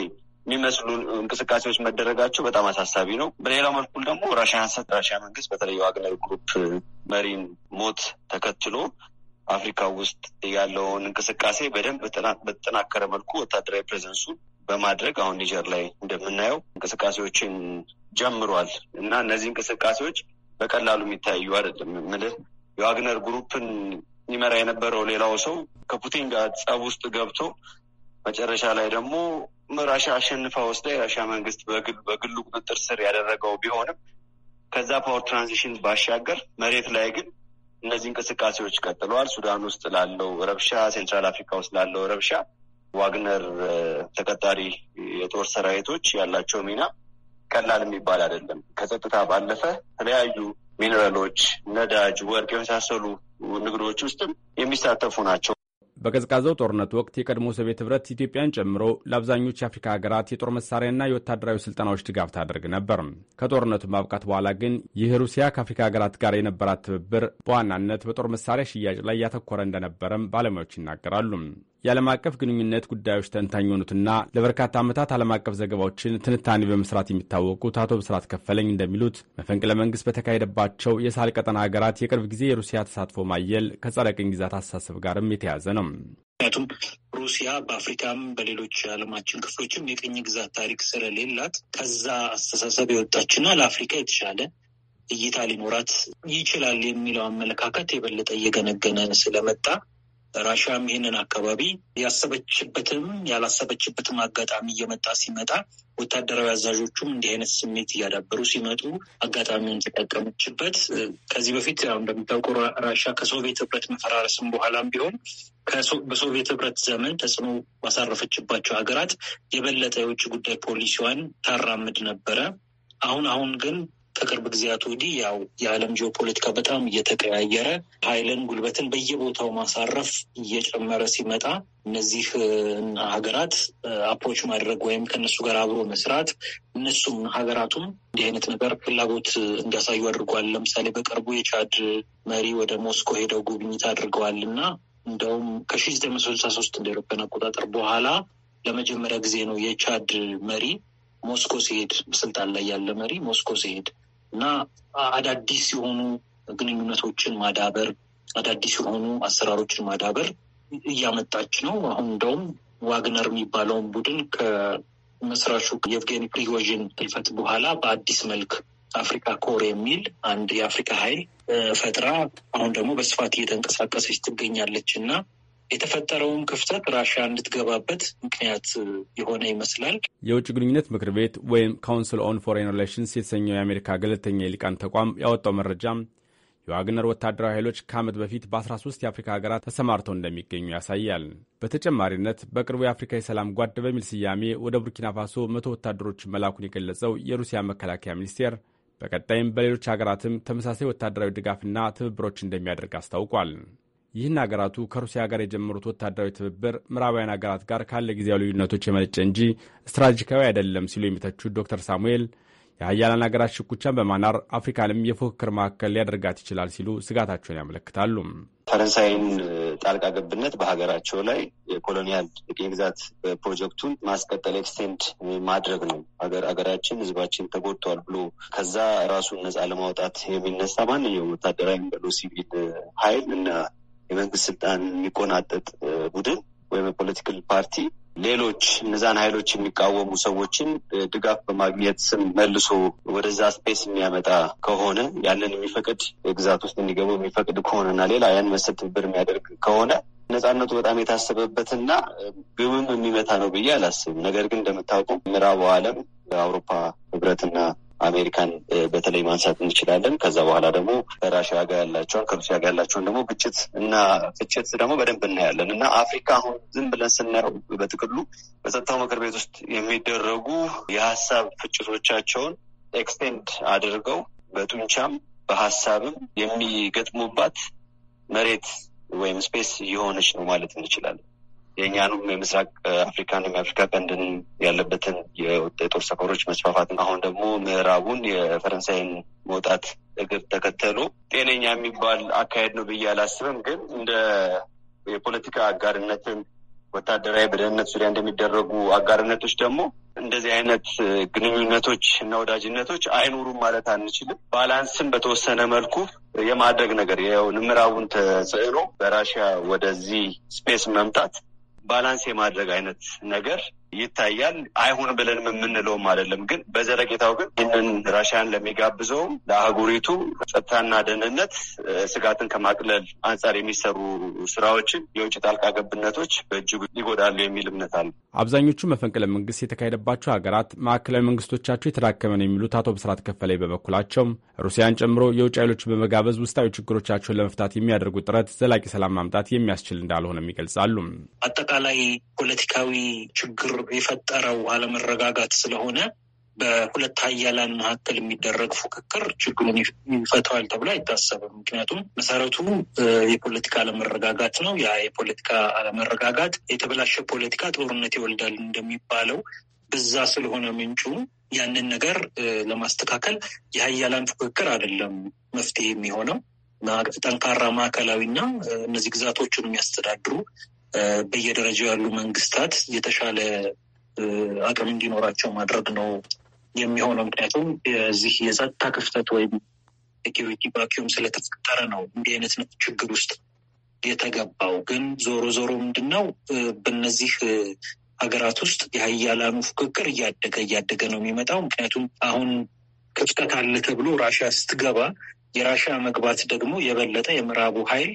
J: የሚመስሉ እንቅስቃሴዎች መደረጋቸው በጣም አሳሳቢ ነው። በሌላው መልኩል ደግሞ ራሽያ ሀሰት ራሽያ መንግስት በተለይ የዋግነር ግሩፕ መሪን ሞት ተከትሎ አፍሪካ ውስጥ ያለውን እንቅስቃሴ በደንብ በተጠናከረ መልኩ ወታደራዊ ፕሬዘንሱ በማድረግ አሁን ኒጀር ላይ እንደምናየው እንቅስቃሴዎችን ጀምሯል እና እነዚህ እንቅስቃሴዎች በቀላሉ የሚታዩ አይደለም። ምልህ የዋግነር ግሩፕን ይመራ የነበረው ሌላው ሰው ከፑቲን ጋር ጸብ ውስጥ ገብቶ መጨረሻ ላይ ደግሞ ራሻ አሸንፋ ወስዳ የራሻ መንግስት በግሉ ቁጥጥር ስር ያደረገው ቢሆንም ከዛ ፓወር ትራንዚሽን ባሻገር መሬት ላይ ግን እነዚህ እንቅስቃሴዎች ቀጥለዋል። ሱዳን ውስጥ ላለው ረብሻ፣ ሴንትራል አፍሪካ ውስጥ ላለው ረብሻ ዋግነር ተቀጣሪ የጦር ሰራዊቶች ያላቸው ሚና ቀላል የሚባል አይደለም። ከጸጥታ ባለፈ የተለያዩ ሚኔራሎች፣ ነዳጅ፣ ወርቅ የመሳሰሉ ንግዶች ውስጥም የሚሳተፉ ናቸው።
K: በቀዝቃዛው ጦርነት ወቅት የቀድሞ ሶቪየት ኅብረት ኢትዮጵያን ጨምሮ ለአብዛኞቹ የአፍሪካ ሀገራት የጦር መሳሪያና የወታደራዊ ስልጠናዎች ድጋፍ ታደርግ ነበር። ከጦርነቱ ማብቃት በኋላ ግን ይህ ሩሲያ ከአፍሪካ ሀገራት ጋር የነበራት ትብብር በዋናነት በጦር መሳሪያ ሽያጭ ላይ ያተኮረ እንደነበረም ባለሙያዎች ይናገራሉ። የዓለም አቀፍ ግንኙነት ጉዳዮች ተንታኝ የሆኑትና ለበርካታ ዓመታት ዓለም አቀፍ ዘገባዎችን ትንታኔ በመስራት የሚታወቁት አቶ ብስራት ከፈለኝ እንደሚሉት መፈንቅለ መንግስት በተካሄደባቸው የሳል ቀጠና ሀገራት የቅርብ ጊዜ የሩሲያ ተሳትፎ ማየል ከጸረ ቅኝ ግዛት አስተሳሰብ ጋርም የተያዘ ነው።
L: ምክንያቱም ሩሲያ በአፍሪካም በሌሎች የዓለማችን ክፍሎችም የቅኝ ግዛት ታሪክ ስለሌላት ከዛ አስተሳሰብ የወጣችና ለአፍሪካ የተሻለ እይታ ሊኖራት ይችላል የሚለው አመለካከት የበለጠ እየገነገነ ስለመጣ ራሽያም ይህንን አካባቢ ያሰበችበትም ያላሰበችበትም አጋጣሚ እየመጣ ሲመጣ ወታደራዊ አዛዦቹም እንዲህ አይነት ስሜት እያዳበሩ ሲመጡ አጋጣሚውን ተጠቀመችበት። ከዚህ በፊት ያው እንደሚታወቀው ራሻ ከሶቪየት ህብረት መፈራረስም በኋላም ቢሆን በሶቪየት ህብረት ዘመን ተጽዕኖ ባሳረፈችባቸው ሀገራት የበለጠ የውጭ ጉዳይ ፖሊሲዋን ታራምድ ነበረ። አሁን አሁን ግን ከቅርብ ጊዜያት ወዲህ ያው የዓለም ጂኦፖለቲካ በጣም እየተቀያየረ ኃይልን፣ ጉልበትን በየቦታው ማሳረፍ እየጨመረ ሲመጣ እነዚህ ሀገራት አፕሮች ማድረግ ወይም ከነሱ ጋር አብሮ መስራት እነሱም ሀገራቱም እንዲህ አይነት ነገር ፍላጎት እንዲያሳዩ አድርጓል። ለምሳሌ በቅርቡ የቻድ መሪ ወደ ሞስኮ ሄደው ጉብኝት አድርገዋል እና እንደውም ከሺ ዘጠኝ መቶ ስልሳ ሶስት እንደ አውሮፓውያን አቆጣጠር በኋላ ለመጀመሪያ ጊዜ ነው የቻድ መሪ ሞስኮ ሲሄድ፣ ስልጣን ላይ ያለ መሪ ሞስኮ ሲሄድ እና አዳዲስ የሆኑ ግንኙነቶችን ማዳበር፣ አዳዲስ የሆኑ አሰራሮችን ማዳበር እያመጣች ነው። አሁን እንደውም ዋግነር የሚባለውን ቡድን ከመስራቹ የቭጌኒ ፕሪጎዥን
B: ህልፈት በኋላ በአዲስ መልክ አፍሪካ ኮር የሚል አንድ የአፍሪካ ኃይል
L: ፈጥራ አሁን ደግሞ በስፋት እየተንቀሳቀሰች ትገኛለች እና የተፈጠረውን ክፍተት ራሽያ እንድትገባበት ምክንያት የሆነ ይመስላል።
K: የውጭ ግንኙነት ምክር ቤት ወይም ካውንስል ኦን ፎሬን ሪሌሽንስ የተሰኘው የአሜሪካ ገለልተኛ የሊቃን ተቋም ያወጣው መረጃ የዋግነር ወታደራዊ ኃይሎች ከዓመት በፊት በ13 የአፍሪካ ሀገራት ተሰማርተው እንደሚገኙ ያሳያል። በተጨማሪነት በቅርቡ የአፍሪካ የሰላም ጓድ በሚል ስያሜ ወደ ቡርኪና ፋሶ መቶ ወታደሮችን መላኩን የገለጸው የሩሲያ መከላከያ ሚኒስቴር በቀጣይም በሌሎች ሀገራትም ተመሳሳይ ወታደራዊ ድጋፍና ትብብሮች እንደሚያደርግ አስታውቋል። ይህን አገራቱ ከሩሲያ ጋር የጀመሩት ወታደራዊ ትብብር ምዕራባውያን አገራት ጋር ካለ ጊዜያዊ ልዩነቶች የመነጨ እንጂ ስትራቴጂካዊ አይደለም ሲሉ የሚተቹት ዶክተር ሳሙኤል የሀያላን አገራት ሽኩቻን በማናር አፍሪካንም የፉክክር ማዕከል ሊያደርጋት ይችላል ሲሉ ስጋታቸውን ያመለክታሉ።
J: ፈረንሳይን ጣልቃ ገብነት በሀገራቸው ላይ የኮሎኒያል የግዛት ፕሮጀክቱን ማስቀጠል ኤክስቴንድ ማድረግ ነው። ሀገራችን ህዝባችን ተጎድቷል ብሎ ከዛ ራሱን ነጻ ለማውጣት የሚነሳ ማንኛውም ወታደራዊ ሲቪል ሀይል እና የመንግስት ስልጣን የሚቆናጠጥ ቡድን ወይም የፖለቲካል ፓርቲ ሌሎች እነዛን ሀይሎች የሚቃወሙ ሰዎችን ድጋፍ በማግኘት ስም መልሶ ወደዛ ስፔስ የሚያመጣ ከሆነ ያንን የሚፈቅድ የግዛት ውስጥ እንዲገቡ የሚፈቅድ ከሆነና ሌላ ያን መሰል ትብብር የሚያደርግ ከሆነ ነጻነቱ በጣም የታሰበበትና ግብም የሚመታ ነው ብዬ አላስብም። ነገር ግን እንደምታውቁ ምዕራቡ ዓለም የአውሮፓ ህብረትና አሜሪካን በተለይ ማንሳት እንችላለን። ከዛ በኋላ ደግሞ ከራሽያ ጋር ያላቸውን ከሩሲያ ጋር ያላቸውን ደግሞ ግጭት እና ፍጭት ደግሞ በደንብ እናያለን እና አፍሪካ አሁን ዝም ብለን ስናየው በጥቅሉ በጸጥታው ምክር ቤት ውስጥ የሚደረጉ የሀሳብ ፍጭቶቻቸውን ኤክስቴንድ አድርገው በጡንቻም በሀሳብም የሚገጥሙባት መሬት ወይም ስፔስ እየሆነች ነው ማለት እንችላለን። የእኛንም የምስራቅ አፍሪካንም የአፍሪካ ቀንድን ያለበትን የጦር ሰፈሮች መስፋፋት፣ አሁን ደግሞ ምዕራቡን የፈረንሳይን መውጣት እግር ተከተሉ ጤነኛ የሚባል አካሄድ ነው ብዬ አላስብም። ግን እንደ የፖለቲካ አጋርነትን ወታደራዊ በደህንነት ዙሪያ እንደሚደረጉ አጋርነቶች ደግሞ እንደዚህ አይነት ግንኙነቶች እና ወዳጅነቶች አይኑሩም ማለት አንችልም። ባላንስም በተወሰነ መልኩ የማድረግ ነገር ይኸው ምዕራቡን ተጽዕኖ በራሽያ ወደዚህ ስፔስ መምጣት ባላንስ የማድረግ አይነት ነገር ይታያል። አይሁን ብለንም የምንለውም አይደለም። ግን በዘለቄታው ግን ይህንን ራሽያን ለሚጋብዘውም ለአህጉሪቱ ጸጥታና ደህንነት ስጋትን ከማቅለል አንጻር የሚሰሩ ስራዎችን
K: የውጭ ጣልቃ ገብነቶች በእጅጉ ይጎዳሉ የሚል እምነት አለ። አብዛኞቹ መፈንቅለ መንግስት የተካሄደባቸው ሀገራት ማዕከላዊ መንግስቶቻቸው የተዳከመ ነው የሚሉት አቶ ብስራት ከፈላይ በበኩላቸውም ሩሲያን ጨምሮ የውጭ ኃይሎች በመጋበዝ ውስጣዊ ችግሮቻቸውን ለመፍታት የሚያደርጉ ጥረት ዘላቂ ሰላም ማምጣት የሚያስችል እንዳልሆነም ይገልጻሉ።
L: አጠቃላይ ፖለቲካዊ ችግር የፈጠረው አለመረጋጋት ስለሆነ በሁለት ሀያላን መካከል የሚደረግ ፉክክር ችግሩን ይፈተዋል ተብሎ አይታሰብም። ምክንያቱም መሰረቱ የፖለቲካ አለመረጋጋት ነው። ያ የፖለቲካ አለመረጋጋት የተበላሸ ፖለቲካ ጦርነት ይወልዳል እንደሚባለው በዛ ስለሆነ ምንጩ ያንን ነገር ለማስተካከል የሀያላን ፉክክር አይደለም መፍትሄ የሚሆነው ጠንካራ ማዕከላዊና እነዚህ ግዛቶችን የሚያስተዳድሩ በየደረጃው ያሉ መንግስታት የተሻለ አቅም እንዲኖራቸው ማድረግ ነው የሚሆነው። ምክንያቱም የዚህ የጸጥታ ክፍተት ወይም ሴኪሪቲ ቫኪዩም ስለተፈጠረ ነው እንዲህ አይነት ችግር ውስጥ የተገባው። ግን ዞሮ ዞሮ ምንድን ነው በነዚህ ሀገራት ውስጥ የሀያላኑ ፉክክር እያደገ እያደገ ነው የሚመጣው። ምክንያቱም አሁን ክፍተት አለ ተብሎ ራሽያ ስትገባ የራሽያ መግባት ደግሞ የበለጠ የምዕራቡ ኃይል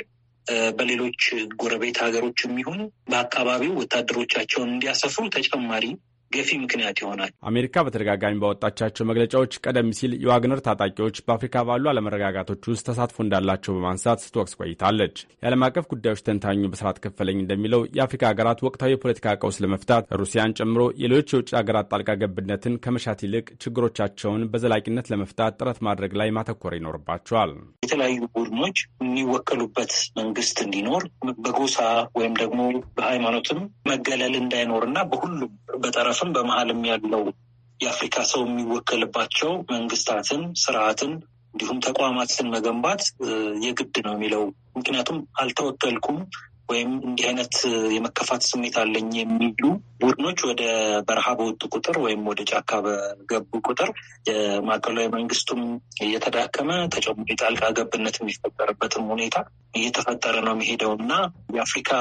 L: በሌሎች ጎረቤት ሀገሮች የሚሆን በአካባቢው ወታደሮቻቸውን እንዲያሰፍሩ ተጨማሪ ገፊ ምክንያት ይሆናል።
K: አሜሪካ በተደጋጋሚ ባወጣቻቸው መግለጫዎች ቀደም ሲል የዋግነር ታጣቂዎች በአፍሪካ ባሉ አለመረጋጋቶች ውስጥ ተሳትፎ እንዳላቸው በማንሳት ስትወቅስ ቆይታለች። የዓለም አቀፍ ጉዳዮች ተንታኙ በስርዓት ከፈለኝ እንደሚለው የአፍሪካ ሀገራት ወቅታዊ የፖለቲካ ቀውስ ለመፍታት ሩሲያን ጨምሮ የሌሎች የውጭ ሀገራት ጣልቃ ገብነትን ከመሻት ይልቅ ችግሮቻቸውን በዘላቂነት ለመፍታት ጥረት ማድረግ ላይ ማተኮር ይኖርባቸዋል።
L: የተለያዩ ቡድኖች የሚወከሉበት መንግስት እንዲኖር በጎሳ ወይም ደግሞ በሃይማኖትም መገለል እንዳይኖርና በሁሉም በጠረፈ ሀገሮችም በመሀልም ያለው የአፍሪካ ሰው የሚወከልባቸው መንግስታትን፣ ስርዓትን እንዲሁም ተቋማትን መገንባት የግድ ነው የሚለው ምክንያቱም አልተወከልኩም ወይም እንዲህ አይነት የመከፋት ስሜት አለኝ የሚሉ ቡድኖች ወደ በረሃ በወጡ ቁጥር ወይም ወደ ጫካ በገቡ ቁጥር የማዕከላዊ መንግስቱም እየተዳከመ ተጨማሪ ጣልቃ ገብነት የሚፈጠርበትም ሁኔታ እየተፈጠረ ነው የሚሄደው እና የአፍሪካ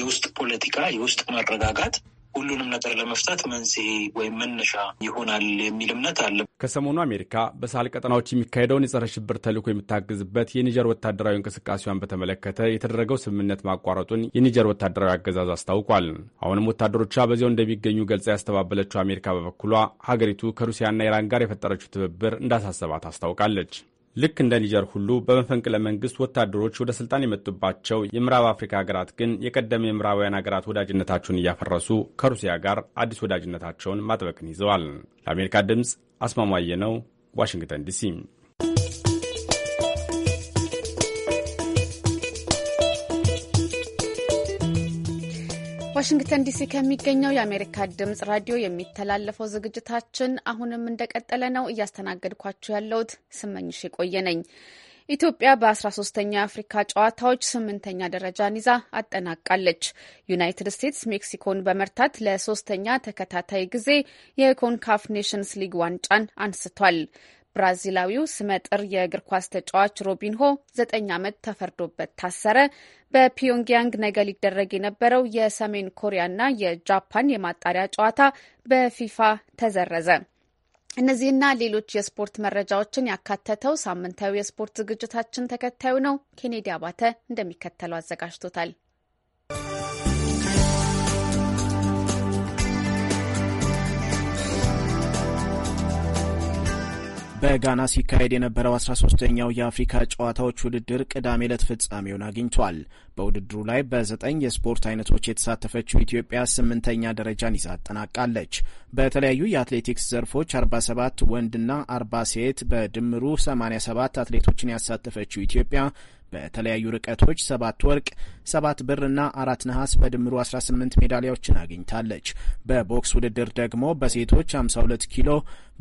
L: የውስጥ ፖለቲካ የውስጥ መረጋጋት ሁሉንም ነገር ለመፍታት መንስኤ ወይም መነሻ ይሆናል የሚል
K: እምነት አለ። ከሰሞኑ አሜሪካ በሳል ቀጠናዎች የሚካሄደውን የጸረ ሽብር ተልዕኮ የምታግዝበት የኒጀር ወታደራዊ እንቅስቃሴዋን በተመለከተ የተደረገው ስምምነት ማቋረጡን የኒጀር ወታደራዊ አገዛዝ አስታውቋል። አሁንም ወታደሮቿ በዚያው እንደሚገኙ ገልጻ ያስተባበለችው አሜሪካ በበኩሏ ሀገሪቱ ከሩሲያና ኢራን ጋር የፈጠረችው ትብብር እንዳሳሰባት አስታውቃለች። ልክ እንደ ኒጀር ሁሉ በመፈንቅለ መንግስት ወታደሮች ወደ ስልጣን የመጡባቸው የምዕራብ አፍሪካ ሀገራት ግን የቀደመ የምዕራባውያን ሀገራት ወዳጅነታቸውን እያፈረሱ ከሩሲያ ጋር አዲስ ወዳጅነታቸውን ማጥበቅን ይዘዋል። ለአሜሪካ ድምፅ አስማማየ ነው፣ ዋሽንግተን ዲሲ።
A: ዋሽንግተን ዲሲ ከሚገኘው የአሜሪካ ድምፅ ራዲዮ የሚተላለፈው ዝግጅታችን አሁንም እንደቀጠለ ነው። እያስተናገድኳችሁ ያለሁት ስመኝሽ የቆየ ነኝ። ኢትዮጵያ በ 13 የአፍሪካ ጨዋታዎች ስምንተኛ ደረጃን ይዛ አጠናቃለች። ዩናይትድ ስቴትስ ሜክሲኮን በመርታት ለሶስተኛ ተከታታይ ጊዜ የኮንካፍ ኔሽንስ ሊግ ዋንጫን አንስቷል። ብራዚላዊው ስመጥር የእግር ኳስ ተጫዋች ሮቢንሆ ዘጠኝ ዓመት ተፈርዶበት ታሰረ። በፒዮንግያንግ ነገ ሊደረግ የነበረው የሰሜን ኮሪያና የጃፓን የማጣሪያ ጨዋታ በፊፋ ተዘረዘ። እነዚህና ሌሎች የስፖርት መረጃዎችን ያካተተው ሳምንታዊ የስፖርት ዝግጅታችን ተከታዩ ነው። ኬኔዲ አባተ እንደሚከተለው አዘጋጅቶታል።
E: በጋና ሲካሄድ የነበረው 13ኛው የአፍሪካ ጨዋታዎች ውድድር ቅዳሜ ዕለት ፍጻሜውን አግኝቷል። በውድድሩ ላይ በዘጠኝ የስፖርት አይነቶች የተሳተፈችው ኢትዮጵያ ስምንተኛ ደረጃን ይዛ አጠናቃለች። በተለያዩ የአትሌቲክስ ዘርፎች 47 ወንድና 40 ሴት በድምሩ 87 አትሌቶችን ያሳተፈችው ኢትዮጵያ በተለያዩ ርቀቶች ሰባት ወርቅ፣ ሰባት ብርና አራት ነሐስ በድምሩ 18 ሜዳሊያዎችን አግኝታለች። በቦክስ ውድድር ደግሞ በሴቶች 52 ኪሎ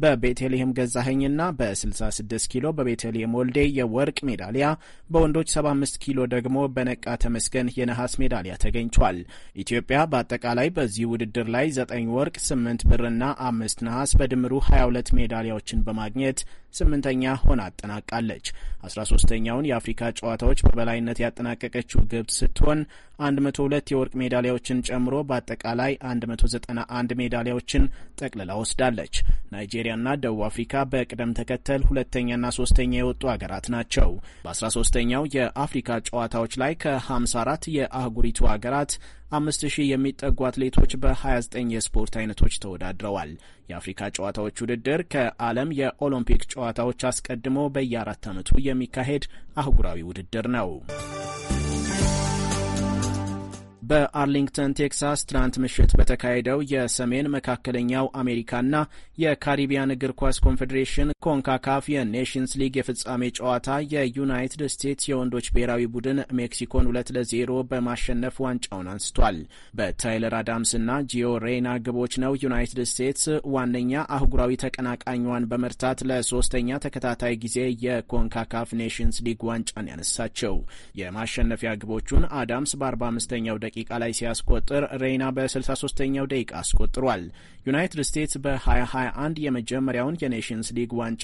E: በቤተልሔም ገዛኸኝና በ66 ኪሎ በቤተልሔም ወልዴ የወርቅ ሜዳሊያ፣ በወንዶች 75 ኪሎ ደግሞ በነቃ ተመስገን የነሐስ ሜዳሊያ ተገኝቷል። ኢትዮጵያ በአጠቃላይ በዚህ ውድድር ላይ 9 ወርቅ፣ 8 ብርና አምስት ነሐስ በድምሩ 22 ሜዳሊያዎችን በማግኘት ስምንተኛ ሆና አጠናቃለች። አስራ ሶስተኛውን የአፍሪካ ጨዋታዎች በበላይነት ያጠናቀቀችው ግብጽ ስትሆን 1መቶ ሁለት የወርቅ ሜዳሊያዎችን ጨምሮ በአጠቃላይ አንድ ሜዳሊያዎችን ጠቅልላ ወስዳለች። ናይጄሪያና ደቡብ አፍሪካ በቅደም ተከተል ሁለተኛና ሶስተኛ የወጡ ሀገራት ናቸው በአስራ ሶስተኛው የአፍሪካ ጨዋታዎች ላይ ከ አራት የአህጉሪቱ ሀገራት አምስት ሺህ የሚጠጉ አትሌቶች በ29 የስፖርት አይነቶች ተወዳድረዋል። የአፍሪካ ጨዋታዎች ውድድር ከዓለም የኦሎምፒክ ጨዋታዎች አስቀድሞ በየአራት ዓመቱ የሚካሄድ አህጉራዊ ውድድር ነው። በአርሊንግተን ቴክሳስ ትናንት ምሽት በተካሄደው የሰሜን መካከለኛው አሜሪካና የካሪቢያን እግር ኳስ ኮንፌዴሬሽን ኮንካካፍ የኔሽንስ ሊግ የፍጻሜ ጨዋታ የዩናይትድ ስቴትስ የወንዶች ብሔራዊ ቡድን ሜክሲኮን ሁለት ለዜሮ በማሸነፍ ዋንጫውን አንስቷል። በታይለር አዳምስና ጂዮ ሬና ግቦች ነው ዩናይትድ ስቴትስ ዋነኛ አህጉራዊ ተቀናቃኟን በመርታት ለሶስተኛ ተከታታይ ጊዜ የኮንካካፍ ኔሽንስ ሊግ ዋንጫን ያነሳቸው። የማሸነፊያ ግቦቹን አዳምስ በ45ኛው ደቂ ደቂቃ ላይ ሲያስቆጥር ሬይና በ63ኛው ደቂቃ አስቆጥሯል። ዩናይትድ ስቴትስ በ2021 የመጀመሪያውን የኔሽንስ ሊግ ዋንጫ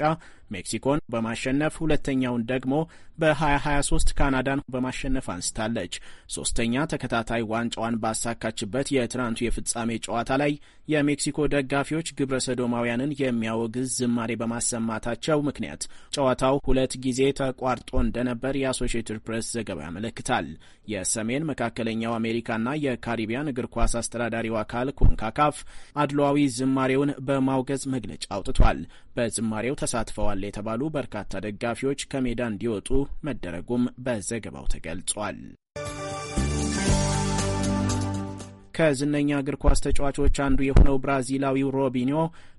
E: ሜክሲኮን በማሸነፍ ሁለተኛውን ደግሞ በ2023 ካናዳን በማሸነፍ አንስታለች። ሶስተኛ ተከታታይ ዋንጫዋን ባሳካችበት የትናንቱ የፍጻሜ ጨዋታ ላይ የሜክሲኮ ደጋፊዎች ግብረ ሰዶማውያንን የሚያወግዝ ዝማሬ በማሰማታቸው ምክንያት ጨዋታው ሁለት ጊዜ ተቋርጦ እንደነበር የአሶሺየትድ ፕሬስ ዘገባ ያመለክታል። የሰሜን መካከለኛው አሜሪካና የካሪቢያን እግር ኳስ አስተዳዳሪው አካል ኮንካካፍ አድሏ ህዝባዊ ዝማሬውን በማውገዝ መግለጫ አውጥቷል። በዝማሬው ተሳትፈዋል የተባሉ በርካታ ደጋፊዎች ከሜዳ እንዲወጡ መደረጉም በዘገባው ተገልጿል። ከዝነኛ እግር ኳስ ተጫዋቾች አንዱ የሆነው ብራዚላዊው ሮቢኒዮ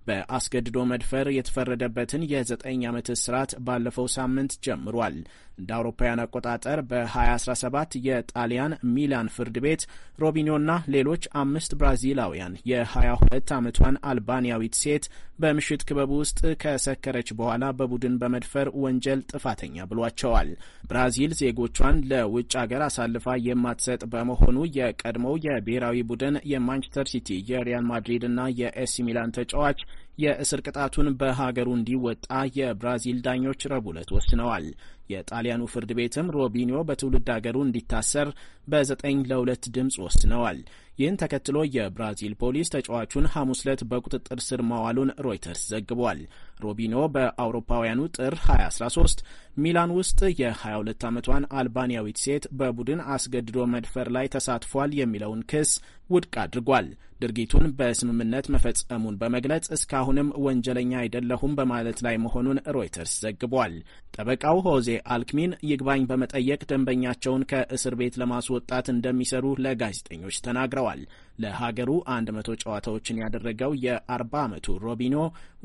E: በአስገድዶ መድፈር የተፈረደበትን የዘጠኝ ዓመት እስራት ባለፈው ሳምንት ጀምሯል። እንደ አውሮፓውያን አቆጣጠር በ2017 የጣሊያን ሚላን ፍርድ ቤት ሮቢኞና ሌሎች አምስት ብራዚላውያን የ22 ዓመቷን አልባንያዊት ሴት በምሽት ክበብ ውስጥ ከሰከረች በኋላ በቡድን በመድፈር ወንጀል ጥፋተኛ ብሏቸዋል። ብራዚል ዜጎቿን ለውጭ አገር አሳልፋ የማትሰጥ በመሆኑ የቀድሞው የብሔራዊ ቡድን የማንቸስተር ሲቲ፣ የሪያል ማድሪድ እና የኤሲ ሚላን ተጫዋች የእስር ቅጣቱን በሀገሩ እንዲወጣ የብራዚል ዳኞች ረቡዕ ዕለት ወስነዋል። የጣሊያኑ ፍርድ ቤትም ሮቢኒዮ በትውልድ ሀገሩ እንዲታሰር በዘጠኝ ለሁለት ድምፅ ወስነዋል። ይህን ተከትሎ የብራዚል ፖሊስ ተጫዋቹን ሐሙስ ዕለት በቁጥጥር ስር ማዋሉን ሮይተርስ ዘግቧል። ሮቢኒዮ በአውሮፓውያኑ ጥር 2013 ሚላን ውስጥ የ22 ዓመቷን አልባንያዊት ሴት በቡድን አስገድዶ መድፈር ላይ ተሳትፏል የሚለውን ክስ ውድቅ አድርጓል። ድርጊቱን በስምምነት መፈጸሙን በመግለጽ እስካሁንም ወንጀለኛ አይደለሁም በማለት ላይ መሆኑን ሮይተርስ ዘግቧል። ጠበቃው ሆዜ አልክሚን ይግባኝ በመጠየቅ ደንበኛቸውን ከእስር ቤት ለማስወጣት እንደሚሰሩ ለጋዜጠኞች ተናግረዋል። ለሀገሩ 100 ጨዋታዎችን ያደረገው የ40 ዓመቱ ሮቢኖ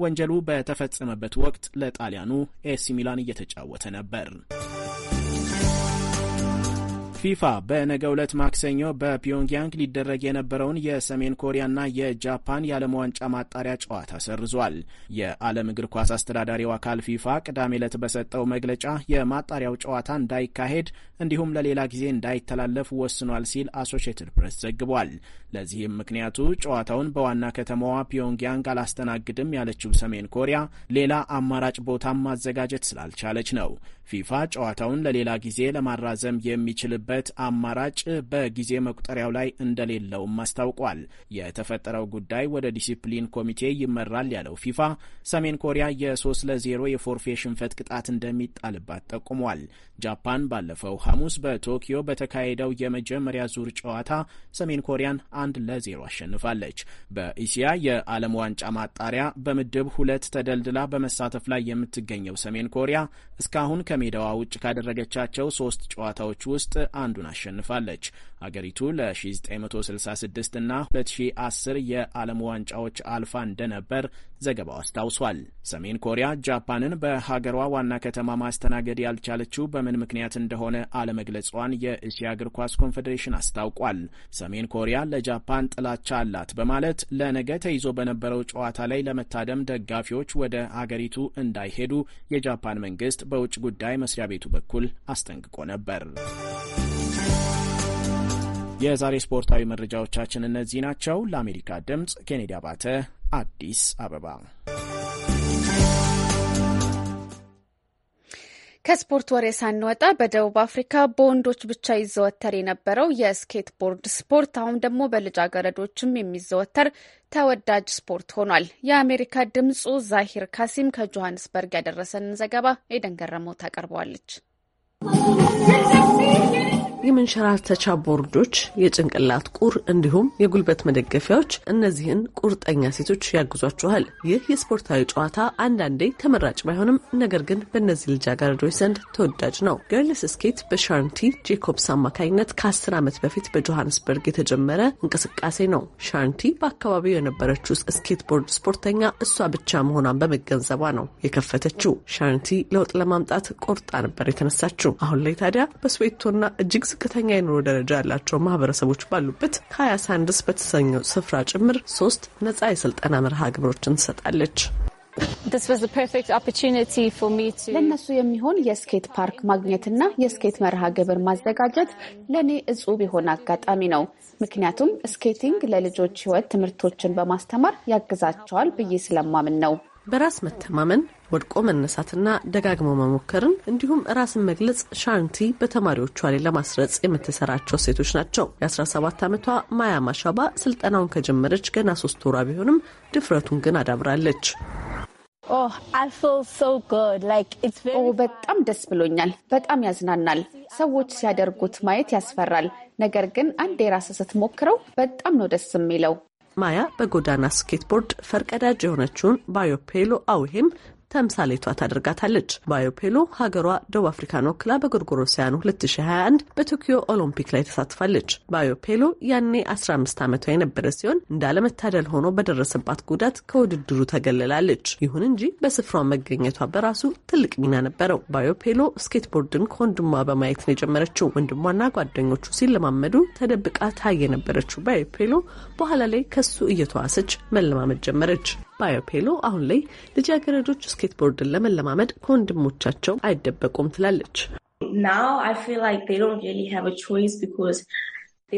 E: ወንጀሉ በተፈጸመበት ወቅት ለጣሊያኑ ኤሲ ሚላን እየተጫወተ ነበር። ፊፋ በነገ ዕለት ማክሰኞ በፒዮንግያንግ ሊደረግ የነበረውን የሰሜን ኮሪያና የጃፓን የዓለም ዋንጫ ማጣሪያ ጨዋታ ሰርዟል። የዓለም እግር ኳስ አስተዳዳሪው አካል ፊፋ ቅዳሜ ዕለት በሰጠው መግለጫ የማጣሪያው ጨዋታ እንዳይካሄድ እንዲሁም ለሌላ ጊዜ እንዳይተላለፍ ወስኗል ሲል አሶሽትድ ፕሬስ ዘግቧል። ለዚህም ምክንያቱ ጨዋታውን በዋና ከተማዋ ፒዮንግያንግ አላስተናግድም ያለችው ሰሜን ኮሪያ ሌላ አማራጭ ቦታም ማዘጋጀት ስላልቻለች ነው። ፊፋ ጨዋታውን ለሌላ ጊዜ ለማራዘም የሚችልበት የሚችልበት አማራጭ በጊዜ መቁጠሪያው ላይ እንደሌለውም አስታውቋል። የተፈጠረው ጉዳይ ወደ ዲሲፕሊን ኮሚቴ ይመራል ያለው ፊፋ ሰሜን ኮሪያ የ3 ለ0 የፎርፌ ሽንፈት ቅጣት እንደሚጣልባት ጠቁሟል። ጃፓን ባለፈው ሐሙስ በቶኪዮ በተካሄደው የመጀመሪያ ዙር ጨዋታ ሰሜን ኮሪያን አንድ ለዜሮ አሸንፋለች። በኢሲያ የዓለም ዋንጫ ማጣሪያ በምድብ ሁለት ተደልድላ በመሳተፍ ላይ የምትገኘው ሰሜን ኮሪያ እስካሁን ከሜዳዋ ውጭ ካደረገቻቸው ሶስት ጨዋታዎች ውስጥ አንዱን አሸንፋለች። አገሪቱ ለ1966 እና 2010 የዓለም ዋንጫዎች አልፋ እንደነበር ዘገባው አስታውሷል። ሰሜን ኮሪያ ጃፓንን በሀገሯ ዋና ከተማ ማስተናገድ ያልቻለችው በምን ምክንያት እንደሆነ አለመግለጿን የእስያ እግር ኳስ ኮንፌዴሬሽን አስታውቋል። ሰሜን ኮሪያ ለጃፓን ጥላቻ አላት በማለት ለነገ ተይዞ በነበረው ጨዋታ ላይ ለመታደም ደጋፊዎች ወደ አገሪቱ እንዳይሄዱ የጃፓን መንግስት በውጭ ጉዳይ መስሪያ ቤቱ በኩል አስጠንቅቆ ነበር። የዛሬ ስፖርታዊ መረጃዎቻችን እነዚህ ናቸው። ለአሜሪካ ድምፅ ኬኔዲ አባተ፣ አዲስ አበባ።
A: ከስፖርት ወሬ ሳንወጣ በደቡብ አፍሪካ በወንዶች ብቻ ይዘወተር የነበረው የስኬት ቦርድ ስፖርት አሁን ደግሞ በልጃገረዶችም የሚዘወተር ተወዳጅ ስፖርት ሆኗል። የአሜሪካ ድምፁ ዛሂር ካሲም ከጆሃንስበርግ ያደረሰንን ዘገባ ኤደን ገረመው ታቀርበዋለች።
C: የመንሸራተቻ ቦርዶች፣ የጭንቅላት ቁር እንዲሁም የጉልበት መደገፊያዎች እነዚህን ቁርጠኛ ሴቶች ያግዟችኋል። ይህ የስፖርታዊ ጨዋታ አንዳንዴ ተመራጭ ባይሆንም ነገር ግን በእነዚህ ልጃገረዶች ዘንድ ተወዳጅ ነው። ገርልስ ስኬት በሻርንቲ ጄኮብስ አማካኝነት ከአስር ዓመት በፊት በጆሃንስበርግ የተጀመረ እንቅስቃሴ ነው። ሻርንቲ በአካባቢው የነበረችው ስኬት ቦርድ ስፖርተኛ እሷ ብቻ መሆኗን በመገንዘቧ ነው የከፈተችው። ሻርንቲ ለውጥ ለማምጣት ቆርጣ ነበር የተነሳችው። አሁን ላይ ታዲያ በስዌቶና እጅግ ዝቅተኛ የኑሮ ደረጃ ያላቸው ማህበረሰቦች ባሉበት ከሀያ ሳንድስ በተሰኘው ስፍራ ጭምር ሶስት ነጻ የስልጠና መርሃ ግብሮችን ትሰጣለች።
A: ለእነሱ የሚሆን የስኬት ፓርክ ማግኘትና የስኬት መርሃ ግብር ማዘጋጀት ለእኔ እጹብ የሆነ አጋጣሚ ነው። ምክንያቱም ስኬቲንግ ለልጆች ህይወት ትምህርቶችን በማስተማር ያግዛቸዋል ብዬ ስለማምን ነው። በራስ
C: መተማመን ወድቆ መነሳትና ደጋግሞ መሞከርን እንዲሁም ራስን መግለጽ ሻንቲ በተማሪዎቿ ላይ ለማስረጽ የምትሰራቸው ሴቶች ናቸው። የ17 ዓመቷ ማያ ማሻባ ስልጠናውን ከጀመረች ገና ሶስት ወሯ ቢሆንም ድፍረቱን ግን አዳብራለች።
A: oh, በጣም ደስ ብሎኛል። በጣም ያዝናናል። ሰዎች ሲያደርጉት ማየት ያስፈራል። ነገር ግን አንድ የራስ ስትሞክረው በጣም ነው ደስ የሚለው።
C: ማያ በጎዳና ስኬትቦርድ ፈርቀዳጅ የሆነችውን ባዮፔሎ አውሄም ተምሳሌቷ ታደርጋታለች። ባዮፔሎ ሀገሯ ደቡብ አፍሪካን ወክላ በጎርጎሮሳውያኑ 2021 በቶኪዮ ኦሎምፒክ ላይ ተሳትፋለች። ባዮፔሎ ያኔ 15 ዓመቷ የነበረ ሲሆን እንዳለመታደል ሆኖ በደረሰባት ጉዳት ከውድድሩ ተገለላለች። ይሁን እንጂ በስፍራ መገኘቷ በራሱ ትልቅ ሚና ነበረው። ባዮፔሎ ስኬትቦርድን ከወንድሟ በማየት ነው የጀመረችው። ወንድሟና ጓደኞቹ ሲለማመዱ ተደብቃ ታይ የነበረችው ባዮፔሎ በኋላ ላይ ከሱ እየተዋሰች መለማመድ ጀመረች። ባዮፔሎ አሁን ላይ ልጃገረዶች ስኬትቦርድን ለመለማመድ ከወንድሞቻቸው አይደበቁም ትላለች።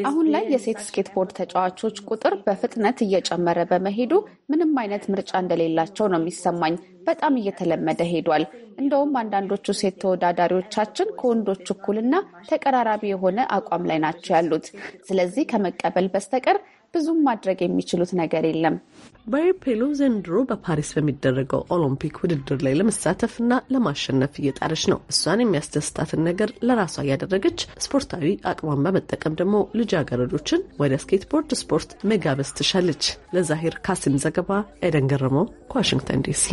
A: አሁን ላይ የሴት ስኬትቦርድ ተጫዋቾች ቁጥር በፍጥነት እየጨመረ በመሄዱ ምንም አይነት ምርጫ እንደሌላቸው ነው የሚሰማኝ። በጣም እየተለመደ ሄዷል። እንደውም አንዳንዶቹ ሴት ተወዳዳሪዎቻችን ከወንዶች እኩልና ተቀራራቢ የሆነ አቋም ላይ ናቸው ያሉት። ስለዚህ ከመቀበል በስተቀር ብዙም ማድረግ የሚችሉት ነገር የለም።
C: ፔሎ ዘንድሮ በፓሪስ በሚደረገው ኦሎምፒክ ውድድር ላይ ለመሳተፍና ለማሸነፍ እየጣረች ነው። እሷን የሚያስደስታትን ነገር ለራሷ እያደረገች ስፖርታዊ አቅሟን በመጠቀም ደግሞ ልጃገረዶችን ወደ ስኬትቦርድ ስፖርት መጋበዝ ትሻለች። ለዛሄር ካሲም ዘገባ ኤደን ገረመው ከዋሽንግተን ዲሲ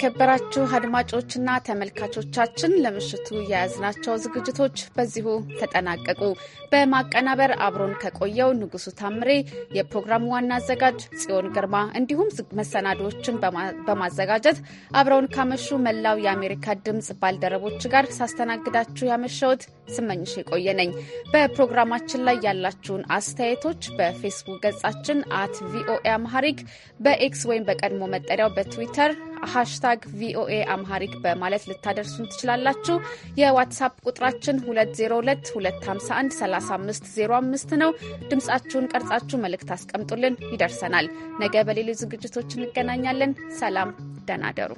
A: የተከበራችሁ አድማጮችና ተመልካቾቻችን ለምሽቱ የያዝናቸው ዝግጅቶች በዚሁ ተጠናቀቁ። በማቀናበር አብሮን ከቆየው ንጉሱ ታምሬ፣ የፕሮግራሙ ዋና አዘጋጅ ጽዮን ግርማ እንዲሁም መሰናዶዎችን በማዘጋጀት አብረውን ካመሹ መላው የአሜሪካ ድምፅ ባልደረቦች ጋር ሳስተናግዳችሁ ያመሸውት ስመኝሽ የቆየ ነኝ። በፕሮግራማችን ላይ ያላችሁን አስተያየቶች በፌስቡክ ገጻችን አት ቪኦኤ አምሃሪክ በኤክስ ወይም በቀድሞ መጠሪያው በትዊተር ሃሽታግ ቪኦኤ አምሃሪክ በማለት ልታደርሱን ትችላላችሁ። የዋትሳፕ ቁጥራችን 2022513505 ነው። ድምጻችሁን ቀርጻችሁ መልእክት አስቀምጡልን፣ ይደርሰናል። ነገ በሌሎች ዝግጅቶች እንገናኛለን። ሰላም፣ ደህና ደሩ።